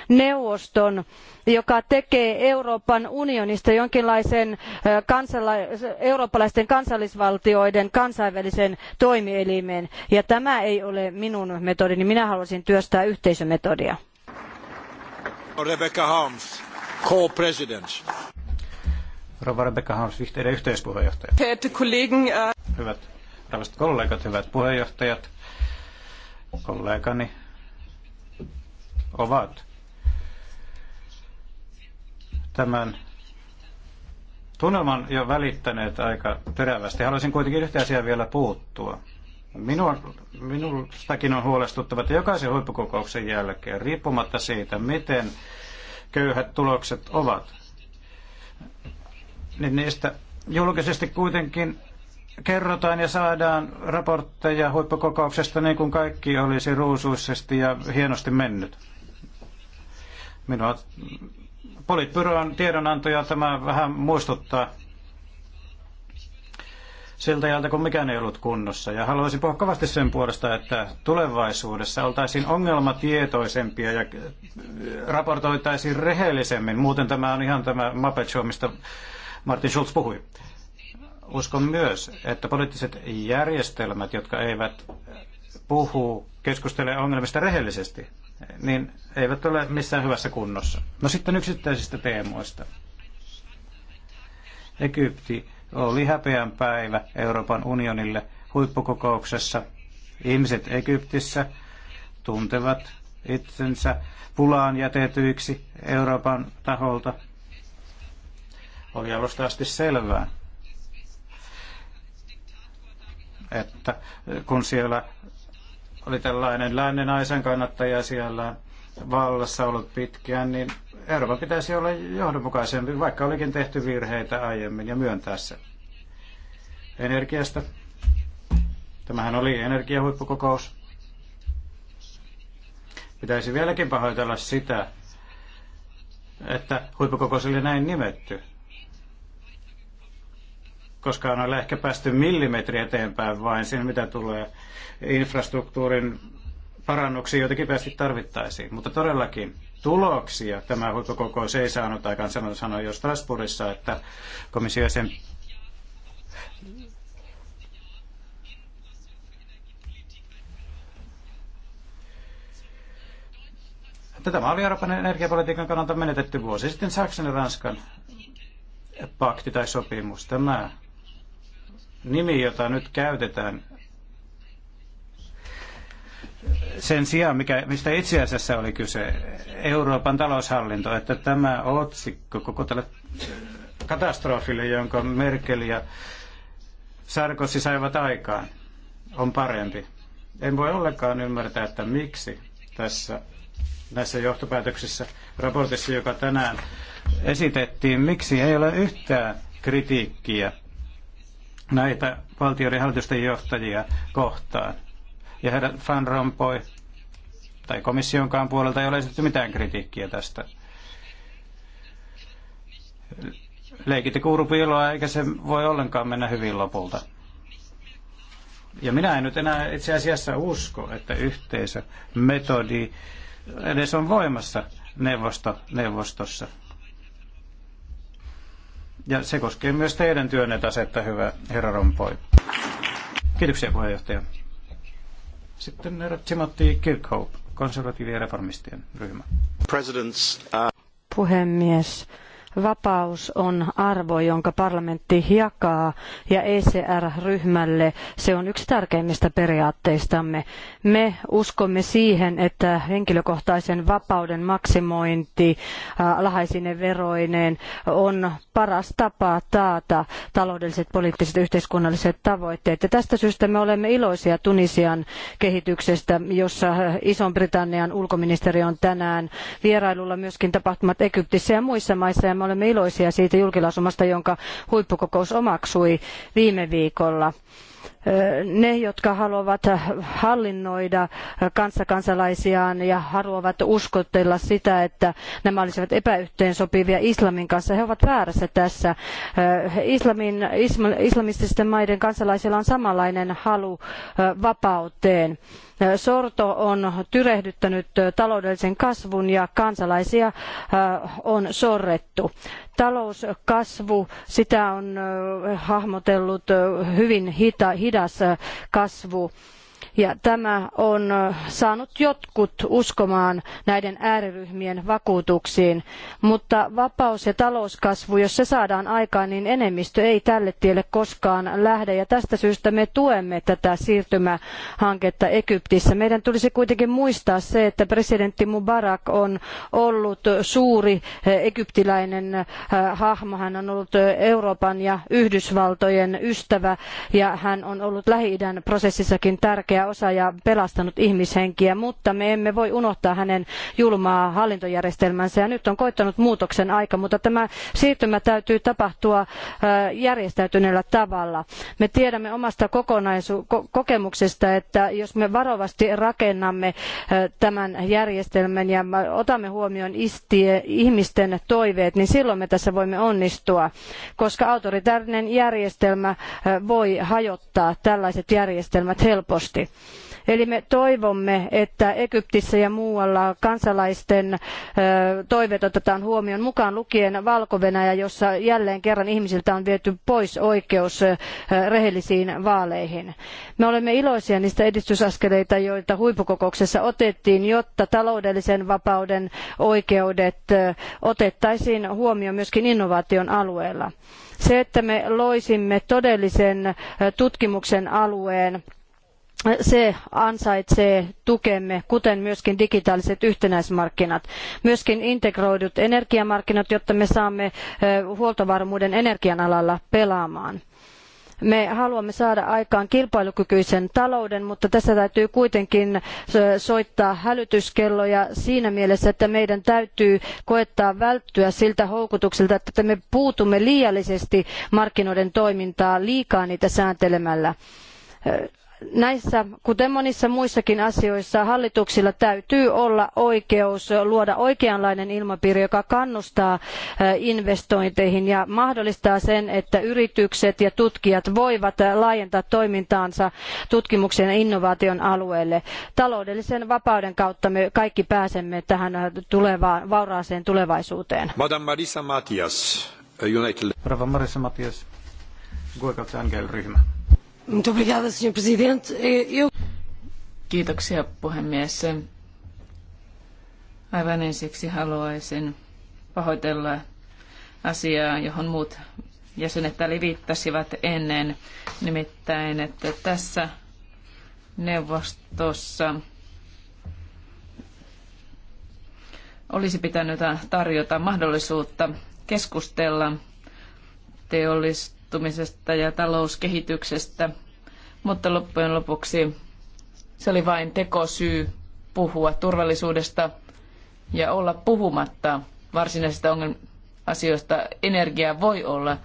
neuvoston joka tekee Euroopan unionista jonkinlaisen kansala- eurooppalaisten kansallisvaltioiden kansainvälisen toimielimen. Ja tämä ei ole minun metodini. Minä haluaisin työstää yhteisömetodia. Rebecca co-president. Rova Rebecca Hansvicht, teidän yhteispuheenjohtaja. Äh. Hyvät kollegat, hyvät puheenjohtajat, kollegani ovat tämän tunnelman jo välittäneet aika terävästi. Haluaisin kuitenkin yhtä asiaa vielä puuttua. Minua, minustakin on huolestuttava, että jokaisen huippukokouksen jälkeen, riippumatta siitä, miten köyhät tulokset ovat, niin niistä julkisesti kuitenkin kerrotaan ja saadaan raportteja huippukokouksesta niin kuin kaikki olisi ruusuisesti ja hienosti mennyt. Minua politbyroon tiedonantoja tämä vähän muistuttaa siltä jältä, kun mikään ei ollut kunnossa. Ja haluaisin puhua kovasti sen puolesta, että tulevaisuudessa oltaisiin ongelmatietoisempia ja raportoitaisiin rehellisemmin. Muuten tämä on ihan tämä Muppet Show, mistä Martin Schulz puhui. Uskon myös, että poliittiset järjestelmät, jotka eivät puhu, keskustele ongelmista rehellisesti, niin eivät ole missään hyvässä kunnossa. No sitten yksittäisistä teemoista. Egypti oli häpeän päivä Euroopan unionille huippukokouksessa. Ihmiset Egyptissä tuntevat itsensä pulaan jätetyiksi Euroopan taholta oli alusta asti selvää, että kun siellä oli tällainen lännen naisen kannattaja siellä vallassa ollut pitkään, niin Euroopan pitäisi olla johdonmukaisempi, vaikka olikin tehty virheitä aiemmin ja myöntää se. Energiasta. Tämähän oli energiahuippukokous. Pitäisi vieläkin pahoitella sitä, että huippukokous oli näin nimetty koskaan ole ehkä päästy millimetri eteenpäin vain siinä, mitä tulee infrastruktuurin parannuksiin, joita kipeästi tarvittaisiin. Mutta todellakin tuloksia tämä huippukokous ei saanut aikaan. sanoa, sanoa jo Strasbourgissa, että komissio sen Tämä oli Euroopan energiapolitiikan kannalta menetetty vuosi sitten Saksan ja Ranskan pakti tai sopimus. Tämä nimi, jota nyt käytetään, sen sijaan, mikä, mistä itse asiassa oli kyse, Euroopan taloushallinto, että tämä otsikko koko tälle katastrofille, jonka Merkel ja Sarkozy saivat aikaan, on parempi. En voi ollenkaan ymmärtää, että miksi tässä näissä johtopäätöksissä raportissa, joka tänään esitettiin, miksi ei ole yhtään kritiikkiä näitä valtioiden hallitusten johtajia kohtaan. Ja herra Van Rompuy tai komissionkaan puolelta ei ole esitetty mitään kritiikkiä tästä. Leikitte kuurupiiloa, eikä se voi ollenkaan mennä hyvin lopulta. Ja minä en nyt enää itse asiassa usko, että metodi edes on voimassa neuvosto, neuvostossa. Ja se koskee myös teidän työnne tasetta, hyvä herra Rompoi. Kiitoksia puheenjohtaja. Sitten herra Timothy Kirkhope, konservatiivien reformistien ryhmä. Presidents, uh... Puhemies, Vapaus on arvo, jonka parlamentti jakaa ja ECR-ryhmälle se on yksi tärkeimmistä periaatteistamme. Me uskomme siihen, että henkilökohtaisen vapauden maksimointi alhaisine veroineen on paras tapa taata taloudelliset, poliittiset ja yhteiskunnalliset tavoitteet. Ja tästä syystä me olemme iloisia Tunisian kehityksestä, jossa Ison-Britannian ulkoministeri on tänään vierailulla myöskin tapahtumat Egyptissä ja muissa maissa. Ja me olemme iloisia siitä julkilausumasta, jonka huippukokous omaksui viime viikolla ne, jotka haluavat hallinnoida kanssakansalaisiaan ja haluavat uskotella sitä, että nämä olisivat epäyhteensopivia islamin kanssa, he ovat väärässä tässä. Islamin, islamististen maiden kansalaisilla on samanlainen halu vapauteen. Sorto on tyrehdyttänyt taloudellisen kasvun ja kansalaisia on sorrettu talouskasvu, sitä on hahmotellut hyvin hita, hidas kasvu ja tämä on saanut jotkut uskomaan näiden ääriryhmien vakuutuksiin, mutta vapaus ja talouskasvu, jos se saadaan aikaan, niin enemmistö ei tälle tielle koskaan lähde. Ja tästä syystä me tuemme tätä siirtymähanketta Egyptissä. Meidän tulisi kuitenkin muistaa se, että presidentti Mubarak on ollut suuri egyptiläinen hahmo. Hän on ollut Euroopan ja Yhdysvaltojen ystävä ja hän on ollut Lähi-idän prosessissakin tärkeä tärkeä osa ja pelastanut ihmishenkiä, mutta me emme voi unohtaa hänen julmaa hallintojärjestelmänsä. Ja nyt on koittanut muutoksen aika, mutta tämä siirtymä täytyy tapahtua järjestäytyneellä tavalla. Me tiedämme omasta kokonaisu- kokemuksesta, että jos me varovasti rakennamme tämän järjestelmän ja otamme huomioon istie, ihmisten toiveet, niin silloin me tässä voimme onnistua, koska autoritaarinen järjestelmä voi hajottaa tällaiset järjestelmät helposti. Eli me toivomme, että Egyptissä ja muualla kansalaisten toiveet otetaan huomioon mukaan lukien valko jossa jälleen kerran ihmisiltä on viety pois oikeus rehellisiin vaaleihin. Me olemme iloisia niistä edistysaskeleita, joita huippukokouksessa otettiin, jotta taloudellisen vapauden oikeudet otettaisiin huomioon myöskin innovaation alueella. Se, että me loisimme todellisen tutkimuksen alueen, se ansaitsee tukemme, kuten myöskin digitaaliset yhtenäismarkkinat, myöskin integroidut energiamarkkinat, jotta me saamme huoltovarmuuden energian alalla pelaamaan. Me haluamme saada aikaan kilpailukykyisen talouden, mutta tässä täytyy kuitenkin soittaa hälytyskelloja siinä mielessä, että meidän täytyy koettaa välttyä siltä houkutukselta, että me puutumme liiallisesti markkinoiden toimintaan liikaa niitä sääntelemällä näissä, kuten monissa muissakin asioissa, hallituksilla täytyy olla oikeus luoda oikeanlainen ilmapiiri, joka kannustaa eh, investointeihin ja mahdollistaa sen, että yritykset ja tutkijat voivat eh, laajentaa toimintaansa tutkimuksen ja innovaation alueelle. Taloudellisen vapauden kautta me kaikki pääsemme tähän eh, tulevaan, vauraaseen tulevaisuuteen. Madame Marisa Matias, United... Rova Marisa Matias, Google ryhmä Eh, Kiitoksia puhemies. Aivan ensiksi haluaisin pahoitella asiaa, johon muut jäsenet täällä viittasivat ennen, nimittäin, että tässä neuvostossa olisi pitänyt tarjota mahdollisuutta keskustella teollista uudistamisesta ja talouskehityksestä, mutta loppujen lopuksi se oli vain tekosyy puhua turvallisuudesta ja olla puhumatta varsinaisista asioista. Energia voi olla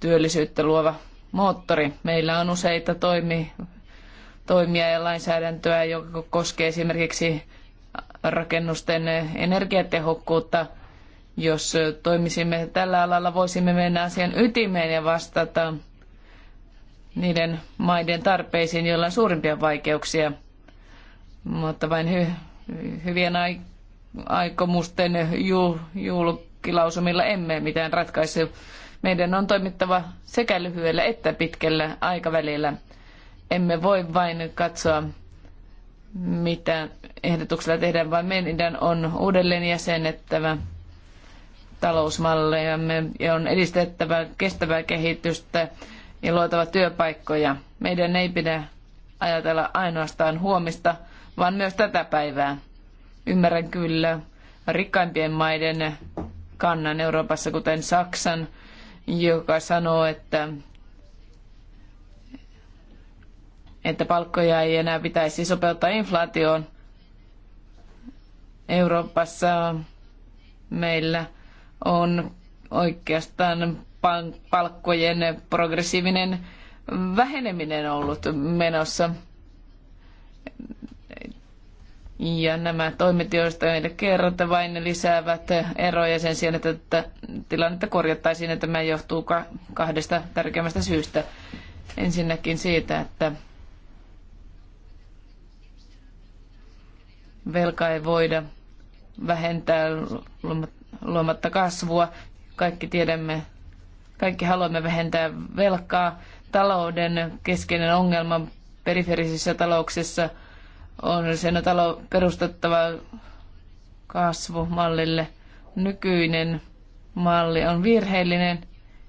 työllisyyttä luova moottori. Meillä on useita toimi, toimia ja lainsäädäntöä, joka koskee esimerkiksi rakennusten energiatehokkuutta – jos toimisimme tällä alalla, voisimme mennä asian ytimeen ja vastata niiden maiden tarpeisiin, joilla on suurimpia vaikeuksia. Mutta vain hy- hyvien aikomusten ju- julkilausumilla emme mitään ratkaisu. Meidän on toimittava sekä lyhyellä että pitkällä aikavälillä. Emme voi vain katsoa, mitä ehdotuksella tehdään, vaan meidän on uudelleen jäsennettävä talousmallejamme ja on edistettävä kestävää kehitystä ja luotava työpaikkoja. Meidän ei pidä ajatella ainoastaan huomista, vaan myös tätä päivää. Ymmärrän kyllä rikkaimpien maiden kannan Euroopassa, kuten Saksan, joka sanoo, että, että palkkoja ei enää pitäisi sopeuttaa inflaatioon. Euroopassa meillä – on oikeastaan palkkojen progressiivinen väheneminen ollut menossa. Ja nämä toimet, joista meille kerrotte, vain lisäävät eroja sen sijaan, että tilannetta korjattaisiin, että tämä johtuu kahdesta tärkeimmästä syystä. Ensinnäkin siitä, että velka ei voida vähentää luomatta kasvua. Kaikki tiedämme, kaikki haluamme vähentää velkaa. Talouden keskeinen ongelma periferisissä talouksissa on sen talo perustettava kasvumallille. Nykyinen malli on virheellinen,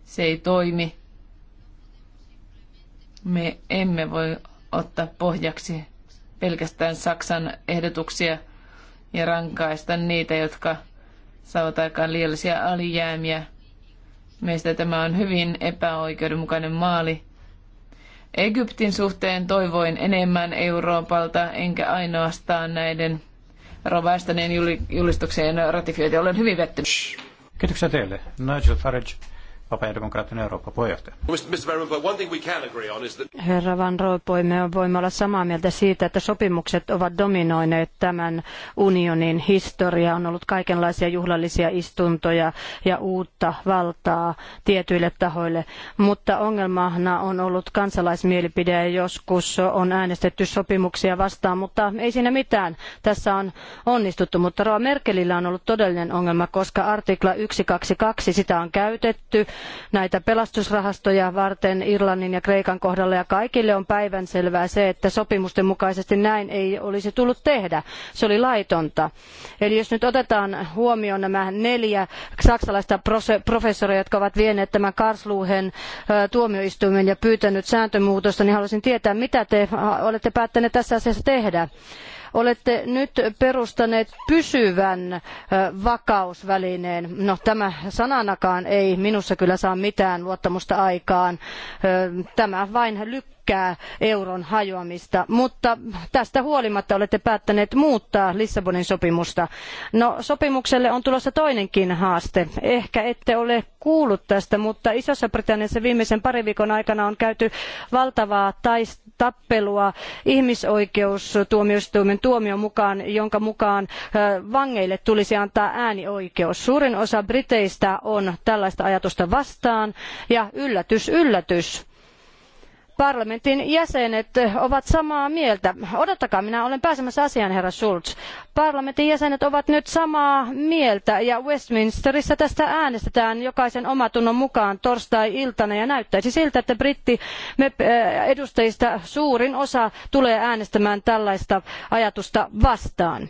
se ei toimi. Me emme voi ottaa pohjaksi pelkästään Saksan ehdotuksia ja rankaista niitä, jotka saavat aikaan liiallisia alijäämiä. Meistä tämä on hyvin epäoikeudenmukainen maali. Egyptin suhteen toivoin enemmän Euroopalta, enkä ainoastaan näiden Rovastaneen julistukseen ratifioita. Olen hyvin vettynyt. Kiitoksia teille. Nigel Farage vapaa ja demokraattinen Eurooppa puheenjohtaja. Herra Van Rompuy, me voimme olla samaa mieltä siitä, että sopimukset ovat dominoineet tämän unionin historiaa. On ollut kaikenlaisia juhlallisia istuntoja ja uutta valtaa tietyille tahoille, mutta ongelmana on ollut kansalaismielipide ja joskus on äänestetty sopimuksia vastaan, mutta ei siinä mitään. Tässä on onnistuttu, mutta Roa Merkelillä on ollut todellinen ongelma, koska artikla 122 sitä on käytetty näitä pelastusrahastoja varten Irlannin ja Kreikan kohdalla ja kaikille on päivänselvää se, että sopimusten mukaisesti näin ei olisi tullut tehdä. Se oli laitonta. Eli jos nyt otetaan huomioon nämä neljä saksalaista professoria, jotka ovat vieneet tämän Karlsruhen tuomioistuimen ja pyytänyt sääntömuutosta, niin haluaisin tietää, mitä te olette päättäneet tässä asiassa tehdä Olette nyt perustaneet pysyvän vakausvälineen. No tämä sananakaan ei minussa kyllä saa mitään luottamusta aikaan. Tämä vain lykkää lykkää euron hajoamista, mutta tästä huolimatta olette päättäneet muuttaa Lissabonin sopimusta. No sopimukselle on tulossa toinenkin haaste. Ehkä ette ole kuullut tästä, mutta Isossa Britanniassa viimeisen parin viikon aikana on käyty valtavaa taistelua tappelua ihmisoikeustuomioistuimen tuomion mukaan, jonka mukaan vangeille tulisi antaa äänioikeus. Suurin osa briteistä on tällaista ajatusta vastaan ja yllätys, yllätys parlamentin jäsenet ovat samaa mieltä. Odottakaa, minä olen pääsemässä asiaan, herra Schulz. Parlamentin jäsenet ovat nyt samaa mieltä ja Westminsterissä tästä äänestetään jokaisen omatunnon mukaan torstai-iltana ja näyttäisi siltä, että britti eh, edustajista suurin osa tulee äänestämään tällaista ajatusta vastaan.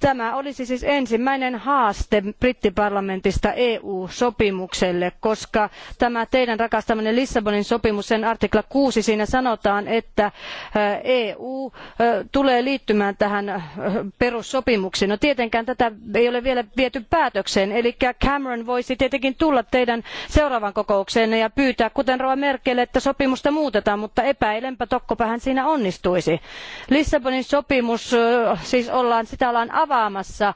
Tämä olisi siis ensimmäinen haaste brittiparlamentista EU-sopimukselle, koska tämä teidän rakastamanne Lissabonin sopimus, sen artikla 6, siinä sanotaan, että EU tulee liittymään tähän perussopimukseen. No tietenkään tätä ei ole vielä viety päätökseen, eli Cameron voisi tietenkin tulla teidän seuraavan kokoukseenne ja pyytää, kuten rouva Merkel, että sopimusta muutetaan, mutta epäilenpä tokkopa hän siinä onnistuisi. Lissabonin sopimus, siis ollaan, sitä ollaan avaamassa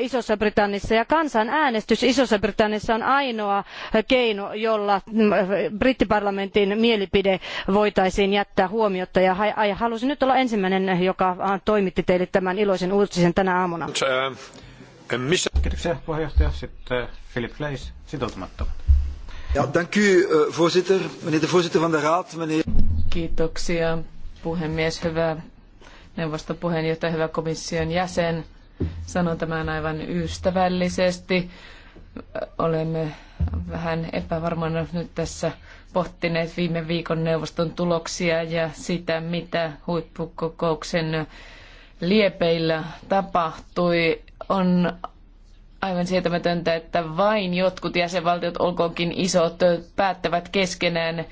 Isossa Britanniassa ja kansanäänestys Isossa Britanniassa on ainoa keino, jolla mm, brittiparlamentin mielipide voitaisiin jättää huomiotta ja halusin nyt olla ensimmäinen, joka toimitti teille tämän iloisen uutisen tänä aamuna. Kiitoksia puheenjohtaja. Sitten Philip Gleis, sitoutumattomat. Ja, dank u, eh, voorzitter. Meneer de voorzitter van de raad, meneer... Kiitoksia, puhemies. Hyvä neuvoston hyvä komission jäsen. Sanon tämän aivan ystävällisesti. Olemme vähän epävarmana nyt tässä pohtineet viime viikon neuvoston tuloksia ja sitä, mitä huippukokouksen liepeillä tapahtui. On aivan sietämätöntä, että vain jotkut jäsenvaltiot, olkoonkin isot, päättävät keskenään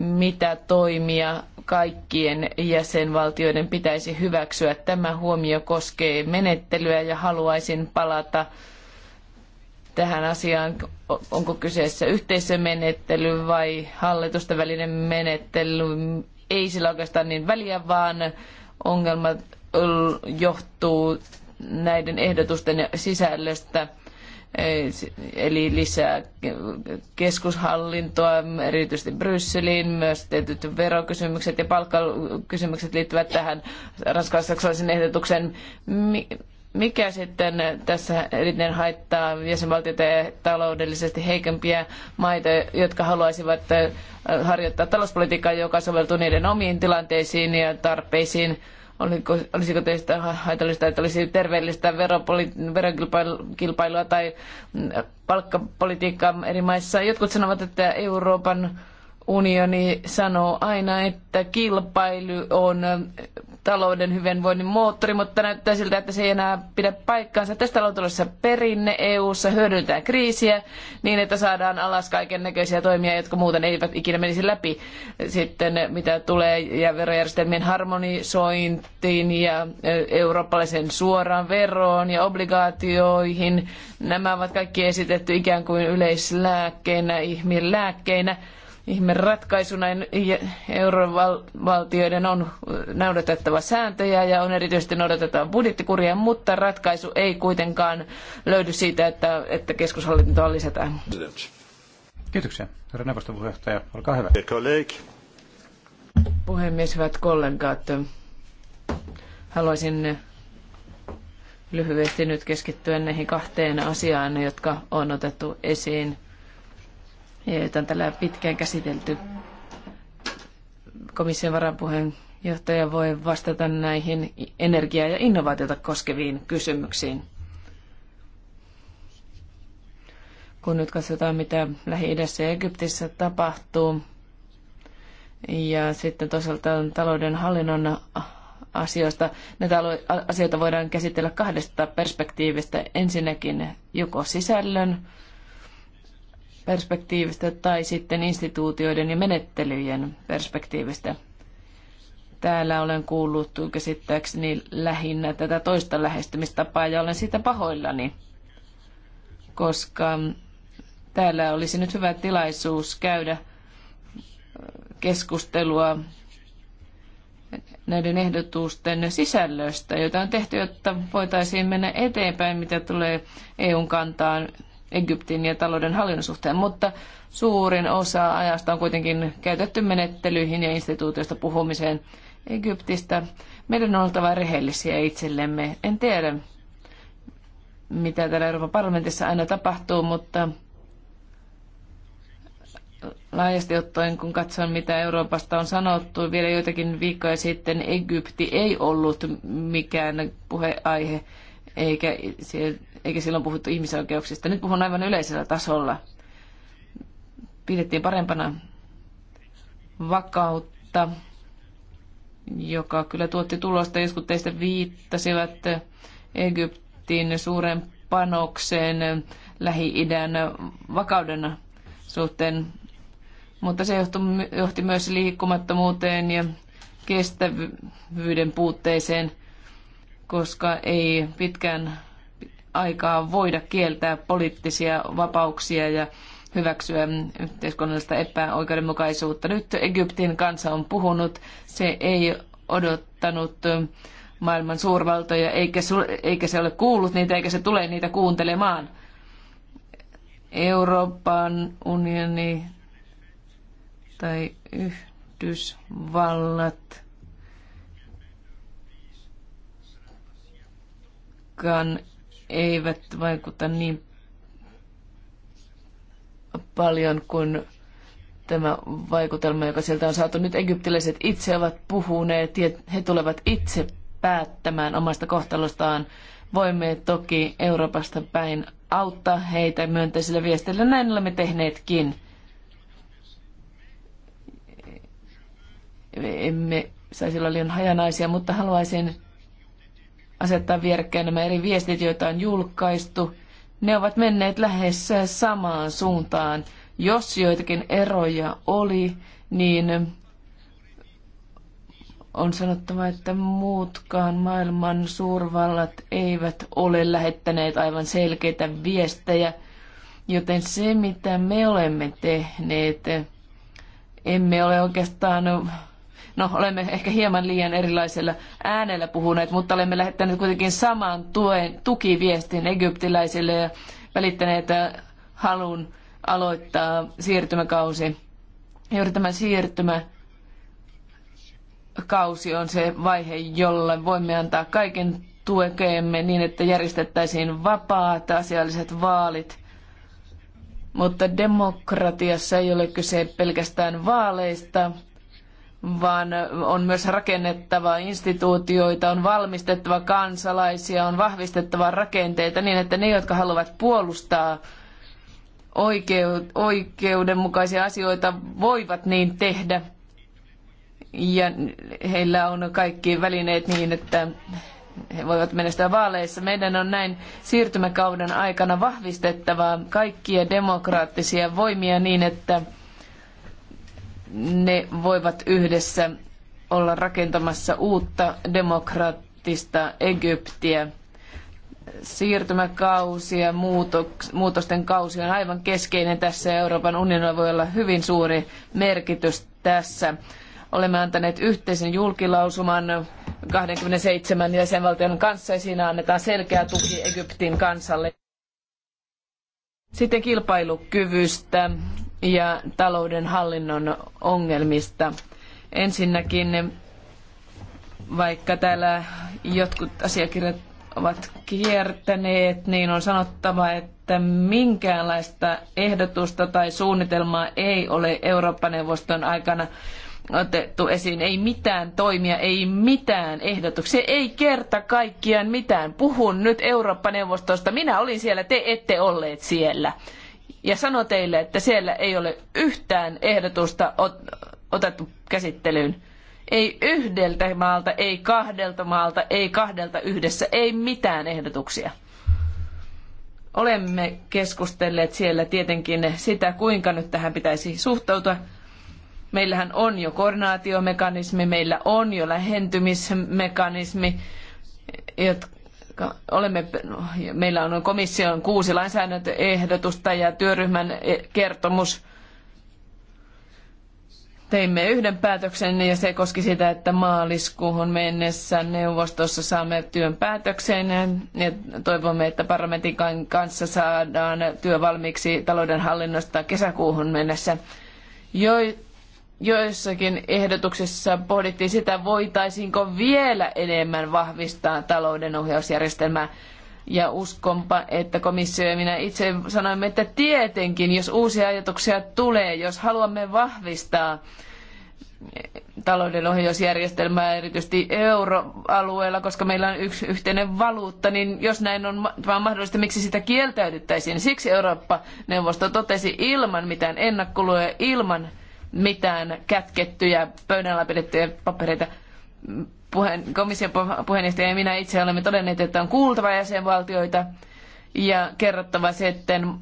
mitä toimia kaikkien jäsenvaltioiden pitäisi hyväksyä. Tämä huomio koskee menettelyä ja haluaisin palata tähän asiaan, onko kyseessä yhteisömenettely vai hallitusten välinen menettely. Ei sillä oikeastaan niin väliä, vaan ongelmat johtuu näiden ehdotusten sisällöstä – eli lisää keskushallintoa, erityisesti Brysseliin, myös tietyt verokysymykset ja palkkakysymykset liittyvät tähän ranskalaisaksaisen ehdotuksen. Mikä sitten tässä eriten haittaa jäsenvaltioita ja taloudellisesti heikempiä maita, jotka haluaisivat äh, harjoittaa talouspolitiikkaa, joka soveltuu niiden omiin tilanteisiin ja tarpeisiin? oliko, olisiko teistä haitallista, että olisi terveellistä veropoli- verokilpailua tai mm, palkkapolitiikkaa eri maissa. Jotkut sanovat, että Euroopan unioni sanoo aina, että kilpailu on talouden hyvinvoinnin moottori, mutta näyttää siltä, että se ei enää pidä paikkaansa. Tästä on tulossa perinne EU-ssa hyödyntää kriisiä niin, että saadaan alas kaiken näköisiä toimia, jotka muuten eivät ikinä menisi läpi. Sitten mitä tulee ja verojärjestelmien harmonisointiin ja eurooppalaisen suoraan veroon ja obligaatioihin, nämä ovat kaikki esitetty ikään kuin yleislääkkeinä, ihmien lääkkeinä ihme ratkaisuna. Eurovaltioiden on noudatettava sääntöjä ja on erityisesti noudatettava budjettikuria, mutta ratkaisu ei kuitenkaan löydy siitä, että, että keskushallintoa lisätään. Kiitoksia. Herra neuvoston olkaa hyvä. Puhemies, hyvät kollegat, haluaisin lyhyesti nyt keskittyä näihin kahteen asiaan, jotka on otettu esiin joita on tällä pitkään käsitelty. Komission varapuheenjohtaja voi vastata näihin energiaa ja innovaatiota koskeviin kysymyksiin. Kun nyt katsotaan, mitä Lähi-idässä ja Egyptissä tapahtuu, ja sitten toisaalta talouden hallinnon asioista. Näitä asioita voidaan käsitellä kahdesta perspektiivistä. Ensinnäkin joko sisällön perspektiivistä tai sitten instituutioiden ja menettelyjen perspektiivistä. Täällä olen kuullut käsittääkseni lähinnä tätä toista lähestymistapaa ja olen siitä pahoillani, koska täällä olisi nyt hyvä tilaisuus käydä keskustelua näiden ehdotusten sisällöstä, joita on tehty, jotta voitaisiin mennä eteenpäin, mitä tulee EUn kantaan Egyptin ja talouden hallinnon suhteen, mutta suurin osa ajasta on kuitenkin käytetty menettelyihin ja instituutioista puhumiseen Egyptistä. Meidän on oltava rehellisiä itsellemme. En tiedä, mitä täällä Euroopan parlamentissa aina tapahtuu, mutta laajasti ottaen, kun katson, mitä Euroopasta on sanottu, vielä joitakin viikkoja sitten Egypti ei ollut mikään puheaihe, eikä siellä eikä silloin puhuttu ihmisoikeuksista. Nyt puhun aivan yleisellä tasolla. Pidettiin parempana vakautta, joka kyllä tuotti tulosta. Joskus teistä viittasivat Egyptin suuren panokseen Lähi-idän vakauden suhteen, mutta se johti myös liikkumattomuuteen ja kestävyyden puutteeseen, koska ei pitkään aikaa voida kieltää poliittisia vapauksia ja hyväksyä yhteiskunnallista epäoikeudenmukaisuutta. Nyt Egyptin kansa on puhunut, se ei odottanut maailman suurvaltoja, eikä, eikä se ole kuullut niitä, eikä se tule niitä kuuntelemaan. Euroopan unioni tai Yhdysvallat kan eivät vaikuta niin paljon kuin tämä vaikutelma, joka sieltä on saatu. Nyt egyptiläiset itse ovat puhuneet ja he tulevat itse päättämään omasta kohtalostaan. Voimme toki Euroopasta päin auttaa heitä myönteisillä viesteillä. Näin olemme tehneetkin. Emme saisi olla liian hajanaisia, mutta haluaisin asettaa vierekkäin nämä eri viestit, joita on julkaistu. Ne ovat menneet lähes samaan suuntaan. Jos joitakin eroja oli, niin on sanottava, että muutkaan maailman suurvallat eivät ole lähettäneet aivan selkeitä viestejä, joten se mitä me olemme tehneet, emme ole oikeastaan No, olemme ehkä hieman liian erilaisella äänellä puhuneet, mutta olemme lähettäneet kuitenkin saman tuen, tukiviestin egyptiläisille ja välittäneet halun aloittaa siirtymäkausi. Juuri tämä siirtymäkausi on se vaihe, jolla voimme antaa kaiken tuekeemme niin, että järjestettäisiin vapaat asialliset vaalit. Mutta demokratiassa ei ole kyse pelkästään vaaleista, vaan on myös rakennettava instituutioita, on valmistettava kansalaisia, on vahvistettava rakenteita niin, että ne, jotka haluavat puolustaa oikeudenmukaisia asioita, voivat niin tehdä. Ja heillä on kaikki välineet niin, että he voivat menestyä vaaleissa. Meidän on näin siirtymäkauden aikana vahvistettava kaikkia demokraattisia voimia niin, että ne voivat yhdessä olla rakentamassa uutta demokraattista Egyptiä. Siirtymäkausi ja muutosten kausi on aivan keskeinen tässä ja Euroopan unionilla voi olla hyvin suuri merkitys tässä. Olemme antaneet yhteisen julkilausuman 27 jäsenvaltion kanssa ja siinä annetaan selkeä tuki Egyptin kansalle. Sitten kilpailukyvystä ja talouden hallinnon ongelmista. Ensinnäkin, vaikka täällä jotkut asiakirjat ovat kiertäneet, niin on sanottava, että minkäänlaista ehdotusta tai suunnitelmaa ei ole Eurooppa-neuvoston aikana otettu esiin. Ei mitään toimia, ei mitään ehdotuksia, ei kerta kaikkiaan mitään. Puhun nyt Eurooppa-neuvostosta. Minä olin siellä, te ette olleet siellä. Ja sano teille, että siellä ei ole yhtään ehdotusta otettu käsittelyyn. Ei yhdeltä maalta, ei kahdelta maalta, ei kahdelta yhdessä, ei mitään ehdotuksia. Olemme keskustelleet siellä tietenkin sitä, kuinka nyt tähän pitäisi suhtautua. Meillähän on jo koordinaatiomekanismi, meillä on jo lähentymismekanismi, jotka olemme, meillä on komission kuusi lainsäädäntöehdotusta ja työryhmän kertomus. Teimme yhden päätöksen ja se koski sitä, että maaliskuuhun mennessä neuvostossa saamme työn päätökseen ja toivomme, että parlamentin kanssa saadaan työ valmiiksi talouden hallinnosta kesäkuuhun mennessä. Jo, joissakin ehdotuksissa pohdittiin sitä, voitaisiinko vielä enemmän vahvistaa talouden ohjausjärjestelmää. Ja uskonpa, että komissio ja minä itse sanoimme, että tietenkin, jos uusia ajatuksia tulee, jos haluamme vahvistaa talouden ohjausjärjestelmää erityisesti euroalueella, koska meillä on yksi yhteinen valuutta, niin jos näin on vaan mahdollista, miksi sitä kieltäydyttäisiin? Siksi Eurooppa-neuvosto totesi ilman mitään ennakkoluja, ilman mitään kätkettyjä, pöydällä pidettyjä papereita. Puheen, komission puheenjohtaja ja minä itse olemme todenneet, että on kuultava jäsenvaltioita ja kerrottava sitten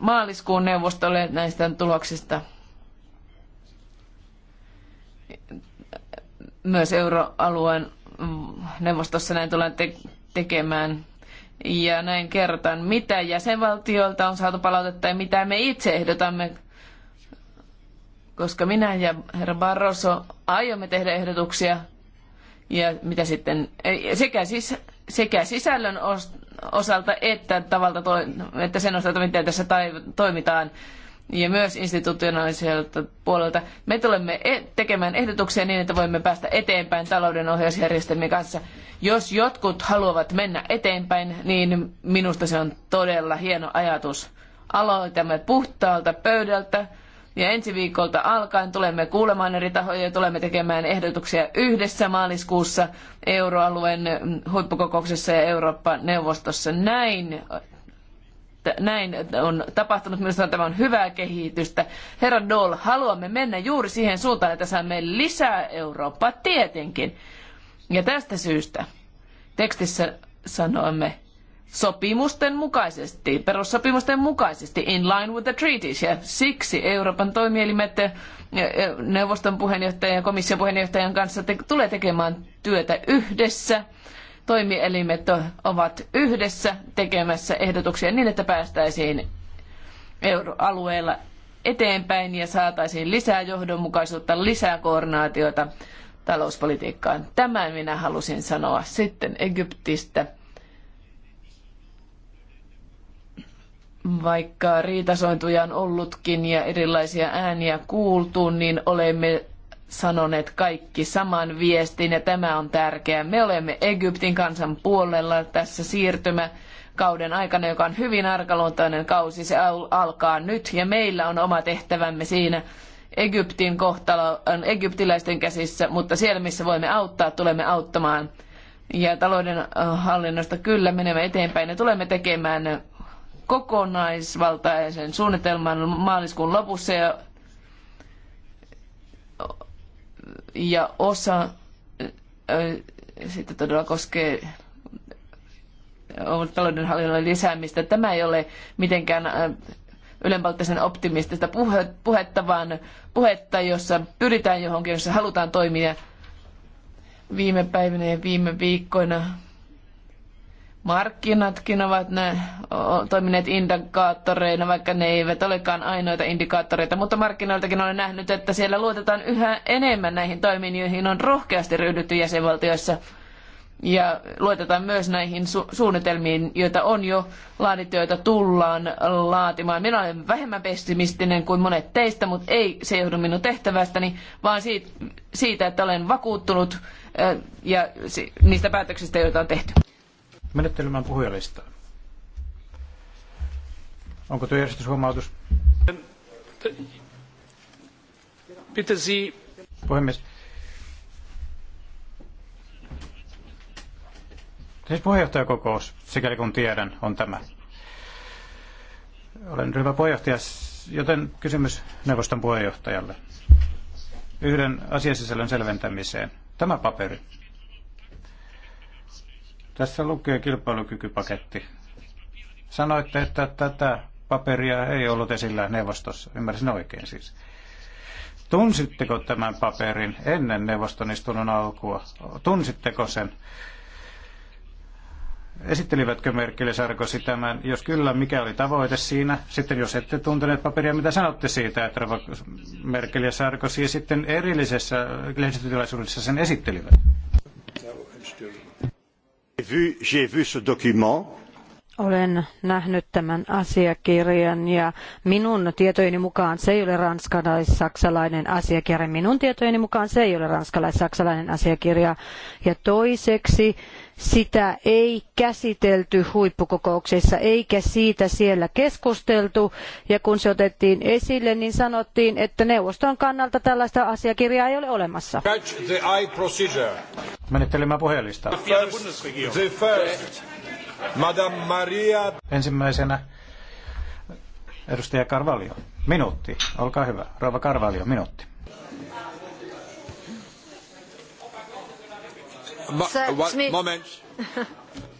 maaliskuun neuvostolle näistä tuloksista. Myös euroalueen neuvostossa näin tullaan te- tekemään. Ja näin kerrotaan, mitä jäsenvaltioilta on saatu palautetta ja mitä me itse ehdotamme koska minä ja herra Barroso aiomme tehdä ehdotuksia ja mitä sitten, sekä, sis, sekä sisällön osalta että, tavalta to, että sen osalta, miten tässä toimitaan ja myös institutionaaliselta puolelta. Me tulemme e-, tekemään ehdotuksia niin, että voimme päästä eteenpäin talouden ohjausjärjestelmien kanssa. Jos jotkut haluavat mennä eteenpäin, niin minusta se on todella hieno ajatus. Aloitamme puhtaalta pöydältä ja ensi viikolta alkaen tulemme kuulemaan eri tahoja ja tulemme tekemään ehdotuksia yhdessä maaliskuussa euroalueen huippukokouksessa ja Eurooppa-neuvostossa. Näin näin on tapahtunut. Minusta tämä on hyvää kehitystä. Herra Dole, haluamme mennä juuri siihen suuntaan, että saamme lisää Eurooppaa tietenkin. Ja tästä syystä tekstissä sanoimme, sopimusten mukaisesti, perussopimusten mukaisesti, in line with the treaties. Ja siksi Euroopan toimielimet eh, eh, neuvoston puheenjohtajan ja komission puheenjohtajan kanssa te- tulee tekemään työtä yhdessä. Toimielimet ovat yhdessä tekemässä ehdotuksia niin, että päästäisiin euroalueella eteenpäin ja saataisiin lisää johdonmukaisuutta, lisää koordinaatiota talouspolitiikkaan. Tämän minä halusin sanoa sitten Egyptistä. Vaikka riitasointuja on ollutkin ja erilaisia ääniä kuultu, niin olemme sanoneet kaikki saman viestin ja tämä on tärkeää. Me olemme Egyptin kansan puolella tässä siirtymä kauden aikana, joka on hyvin arkaluontoinen kausi. Se alkaa nyt ja meillä on oma tehtävämme siinä. Egyptin kohtalo on äh, egyptiläisten käsissä, mutta siellä missä voimme auttaa, tulemme auttamaan. Ja talouden äh, hallinnosta kyllä menemme eteenpäin ja tulemme tekemään kokonaisvaltaisen suunnitelman maaliskuun lopussa ja, ja osa sitten todella koskee taloudenhallinnon lisäämistä. Tämä ei ole mitenkään ylenpalttisen optimistista puhetta, vaan puhetta, jossa pyritään johonkin, jossa halutaan toimia viime päivinä ja viime viikkoina Markkinatkin ovat ne, toimineet indikaattoreina, vaikka ne eivät olekaan ainoita indikaattoreita, mutta markkinoiltakin olen nähnyt, että siellä luotetaan yhä enemmän näihin toimiin, joihin on rohkeasti ryhdytty jäsenvaltioissa. Ja luotetaan myös näihin su- suunnitelmiin, joita on jo laadittu, joita tullaan laatimaan. Minä olen vähemmän pessimistinen kuin monet teistä, mutta ei se johdu minun tehtävästäni, vaan siitä, että olen vakuuttunut ja niistä päätöksistä, joita on tehty. Menettelemään puhujalistaa. Onko huomautus? Pitäisi... Puhemies. Siis puheenjohtajakokous, sikäli kun tiedän, on tämä. Olen ryhmän puheenjohtaja, joten kysymys neuvoston puheenjohtajalle. Yhden asiasisällön selventämiseen. Tämä paperi tässä lukee kilpailukykypaketti. Sanoitte, että tätä paperia ei ollut esillä neuvostossa. Ymmärsin oikein siis. Tunsitteko tämän paperin ennen neuvoston istunnon alkua? Tunsitteko sen? Esittelivätkö merkille Sarkosi tämän? Jos kyllä, mikä oli tavoite siinä? Sitten jos ette tunteneet paperia, mitä sanotte siitä, että Merkel ja Sarkozy sitten erillisessä lehdistötilaisuudessa sen esittelivät? Olen nähnyt tämän asiakirjan ja minun tietojeni mukaan se ei ole ranskalais-saksalainen asiakirja. Minun tietojeni mukaan se ei ole ranskalais-saksalainen asiakirja. Ja toiseksi sitä ei käsitelty huippukokouksessa eikä siitä siellä keskusteltu ja kun se otettiin esille niin sanottiin että neuvoston kannalta tällaista asiakirjaa ei ole olemassa. Menettelemään puhelista. Ensimmäisenä edustaja Carvalho. Minuutti. Olkaa hyvä. rouva Carvalho, minuutti.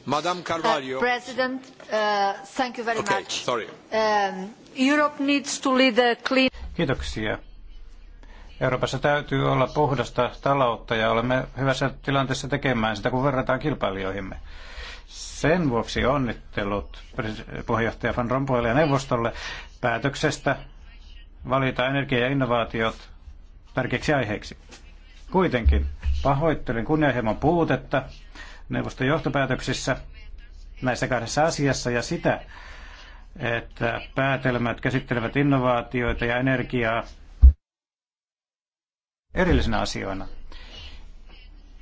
Uh, President, uh, thank you very okay, Sorry. Um, Europe needs to lead a clean... Kiitoksia. Euroopassa täytyy olla puhdasta taloutta ja olemme hyvässä tilanteessa tekemään sitä, kun verrataan kilpailijoihimme. Sen vuoksi onnittelut puheenjohtaja Van Rompuylle ja neuvostolle päätöksestä valita energia ja innovaatiot tärkeiksi aiheiksi. Kuitenkin pahoittelen kunnianhimon puutetta neuvoston johtopäätöksissä näissä kahdessa asiassa ja sitä, että päätelmät käsittelevät innovaatioita ja energiaa erillisinä asioina.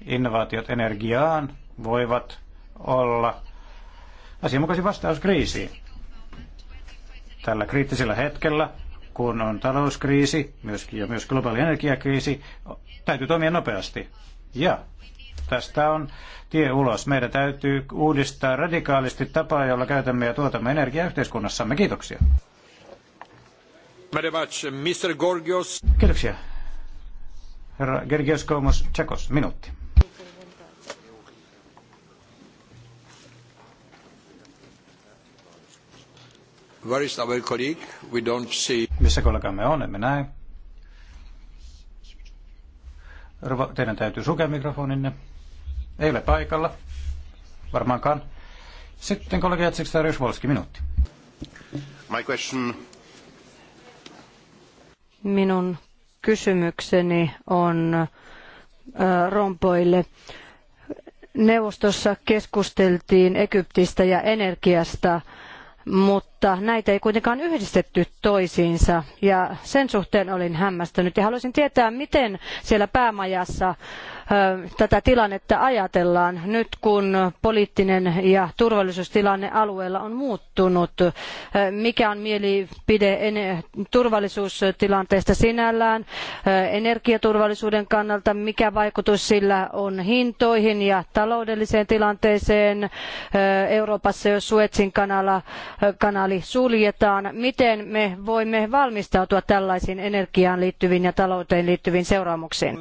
Innovaatiot energiaan voivat olla asianmukaisin vastaus kriisiin. Tällä kriittisellä hetkellä, kun on talouskriisi myöskin, ja myös globaali energiakriisi, Täytyy toimia nopeasti. Ja tästä on tie ulos. Meidän täytyy uudistaa radikaalisti tapaa, jolla käytämme ja tuotamme energiaa yhteiskunnassamme. Kiitoksia. Very much. Mr. Gorgios. Kiitoksia. Herra Gergios Komos Tsekos, minuutti. Where is our colleague? We don't see. Missä kollegamme on, emme näe. Teidän täytyy sukea mikrofoninne. Ei ole paikalla. Varmaankaan. Sitten kollega Jatsiksta Rysvolski, minuutti. My question. Minun kysymykseni on rompoille. Neuvostossa keskusteltiin Egyptistä ja energiasta, mutta mutta näitä ei kuitenkaan yhdistetty toisiinsa ja sen suhteen olin hämmästynyt ja haluaisin tietää, miten siellä päämajassa tätä tilannetta ajatellaan nyt, kun poliittinen ja turvallisuustilanne alueella on muuttunut. Mikä on mielipide turvallisuustilanteesta sinällään, energiaturvallisuuden kannalta, mikä vaikutus sillä on hintoihin ja taloudelliseen tilanteeseen Euroopassa, jos Suetsin kanala, terminaali suljetaan, miten me voimme valmistautua tällaisiin energiaan liittyviin ja talouteen liittyviin seuraamuksiin?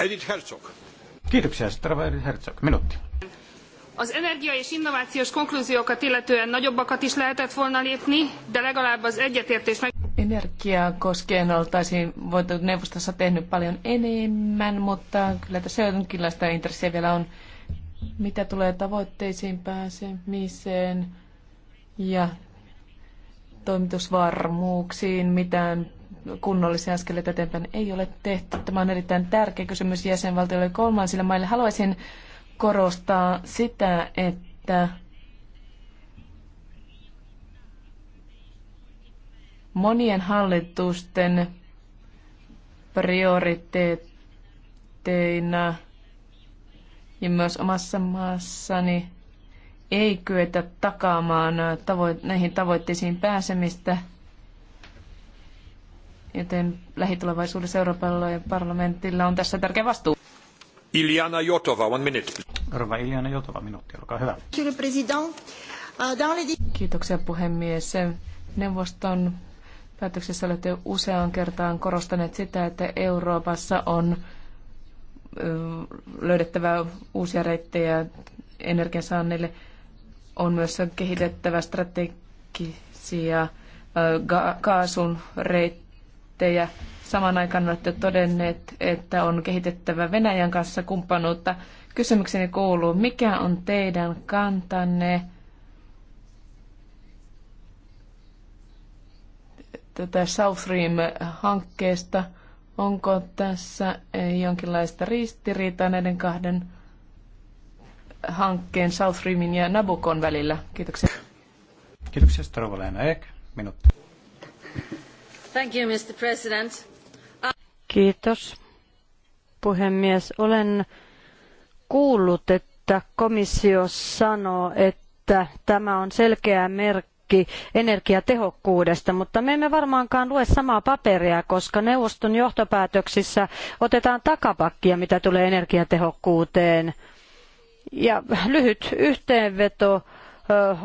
Edith Herzog. Kiitoksia, Strava Edith Herzog. Minuutti. Az energia és innovációs konklúziókat illetően nagyobbakat is lehetett volna lépni, de legalább az egyetértés meg... Energiaa koskien oltaisiin voitu neuvostossa tehnyt paljon enemmän, mutta kyllä tässä jonkinlaista intressiä vielä on. Mitä tulee tavoitteisiin pääsemiseen ja toimitusvarmuuksiin mitään kunnollisia askeleita eteenpäin ei ole tehty. Tämä on erittäin tärkeä kysymys jäsenvaltioille ja kolmansille maille. Haluaisin korostaa sitä, että monien hallitusten prioriteetteina ja myös omassa maassani – ei kyetä takaamaan tavo- näihin tavoitteisiin pääsemistä, joten lähitulevaisuudessa Euroopan parlamentilla on tässä tärkeä vastuu. Iliana Jotova, one minute. Arva Iliana Jotova, minuutti, olkaa hyvä. Euh, Kiitoksia puhemies. Neuvoston päätöksessä olette useaan kertaan korostaneet sitä, että Euroopassa on löydettävä uusia reittejä energiansaannille. On myös kehitettävä strategisia kaasun reittejä. Samaan aikaan olette todenneet, että on kehitettävä Venäjän kanssa kumppanuutta. Kysymykseni kuuluu, mikä on teidän kantanne tätä South Stream-hankkeesta? Onko tässä jonkinlaista ristiriitaa näiden kahden hankkeen South Streamin ja Nabokon välillä. Kiitoksia. Kiitoksia, Strovoleena Ek. Minuutti. Thank you, Mr. President. Kiitos, puhemies. Olen kuullut, että komissio sanoo, että tämä on selkeä merkki energiatehokkuudesta, mutta me emme varmaankaan lue samaa paperia, koska neuvoston johtopäätöksissä otetaan takapakkia, mitä tulee energiatehokkuuteen. Ja lyhyt yhteenveto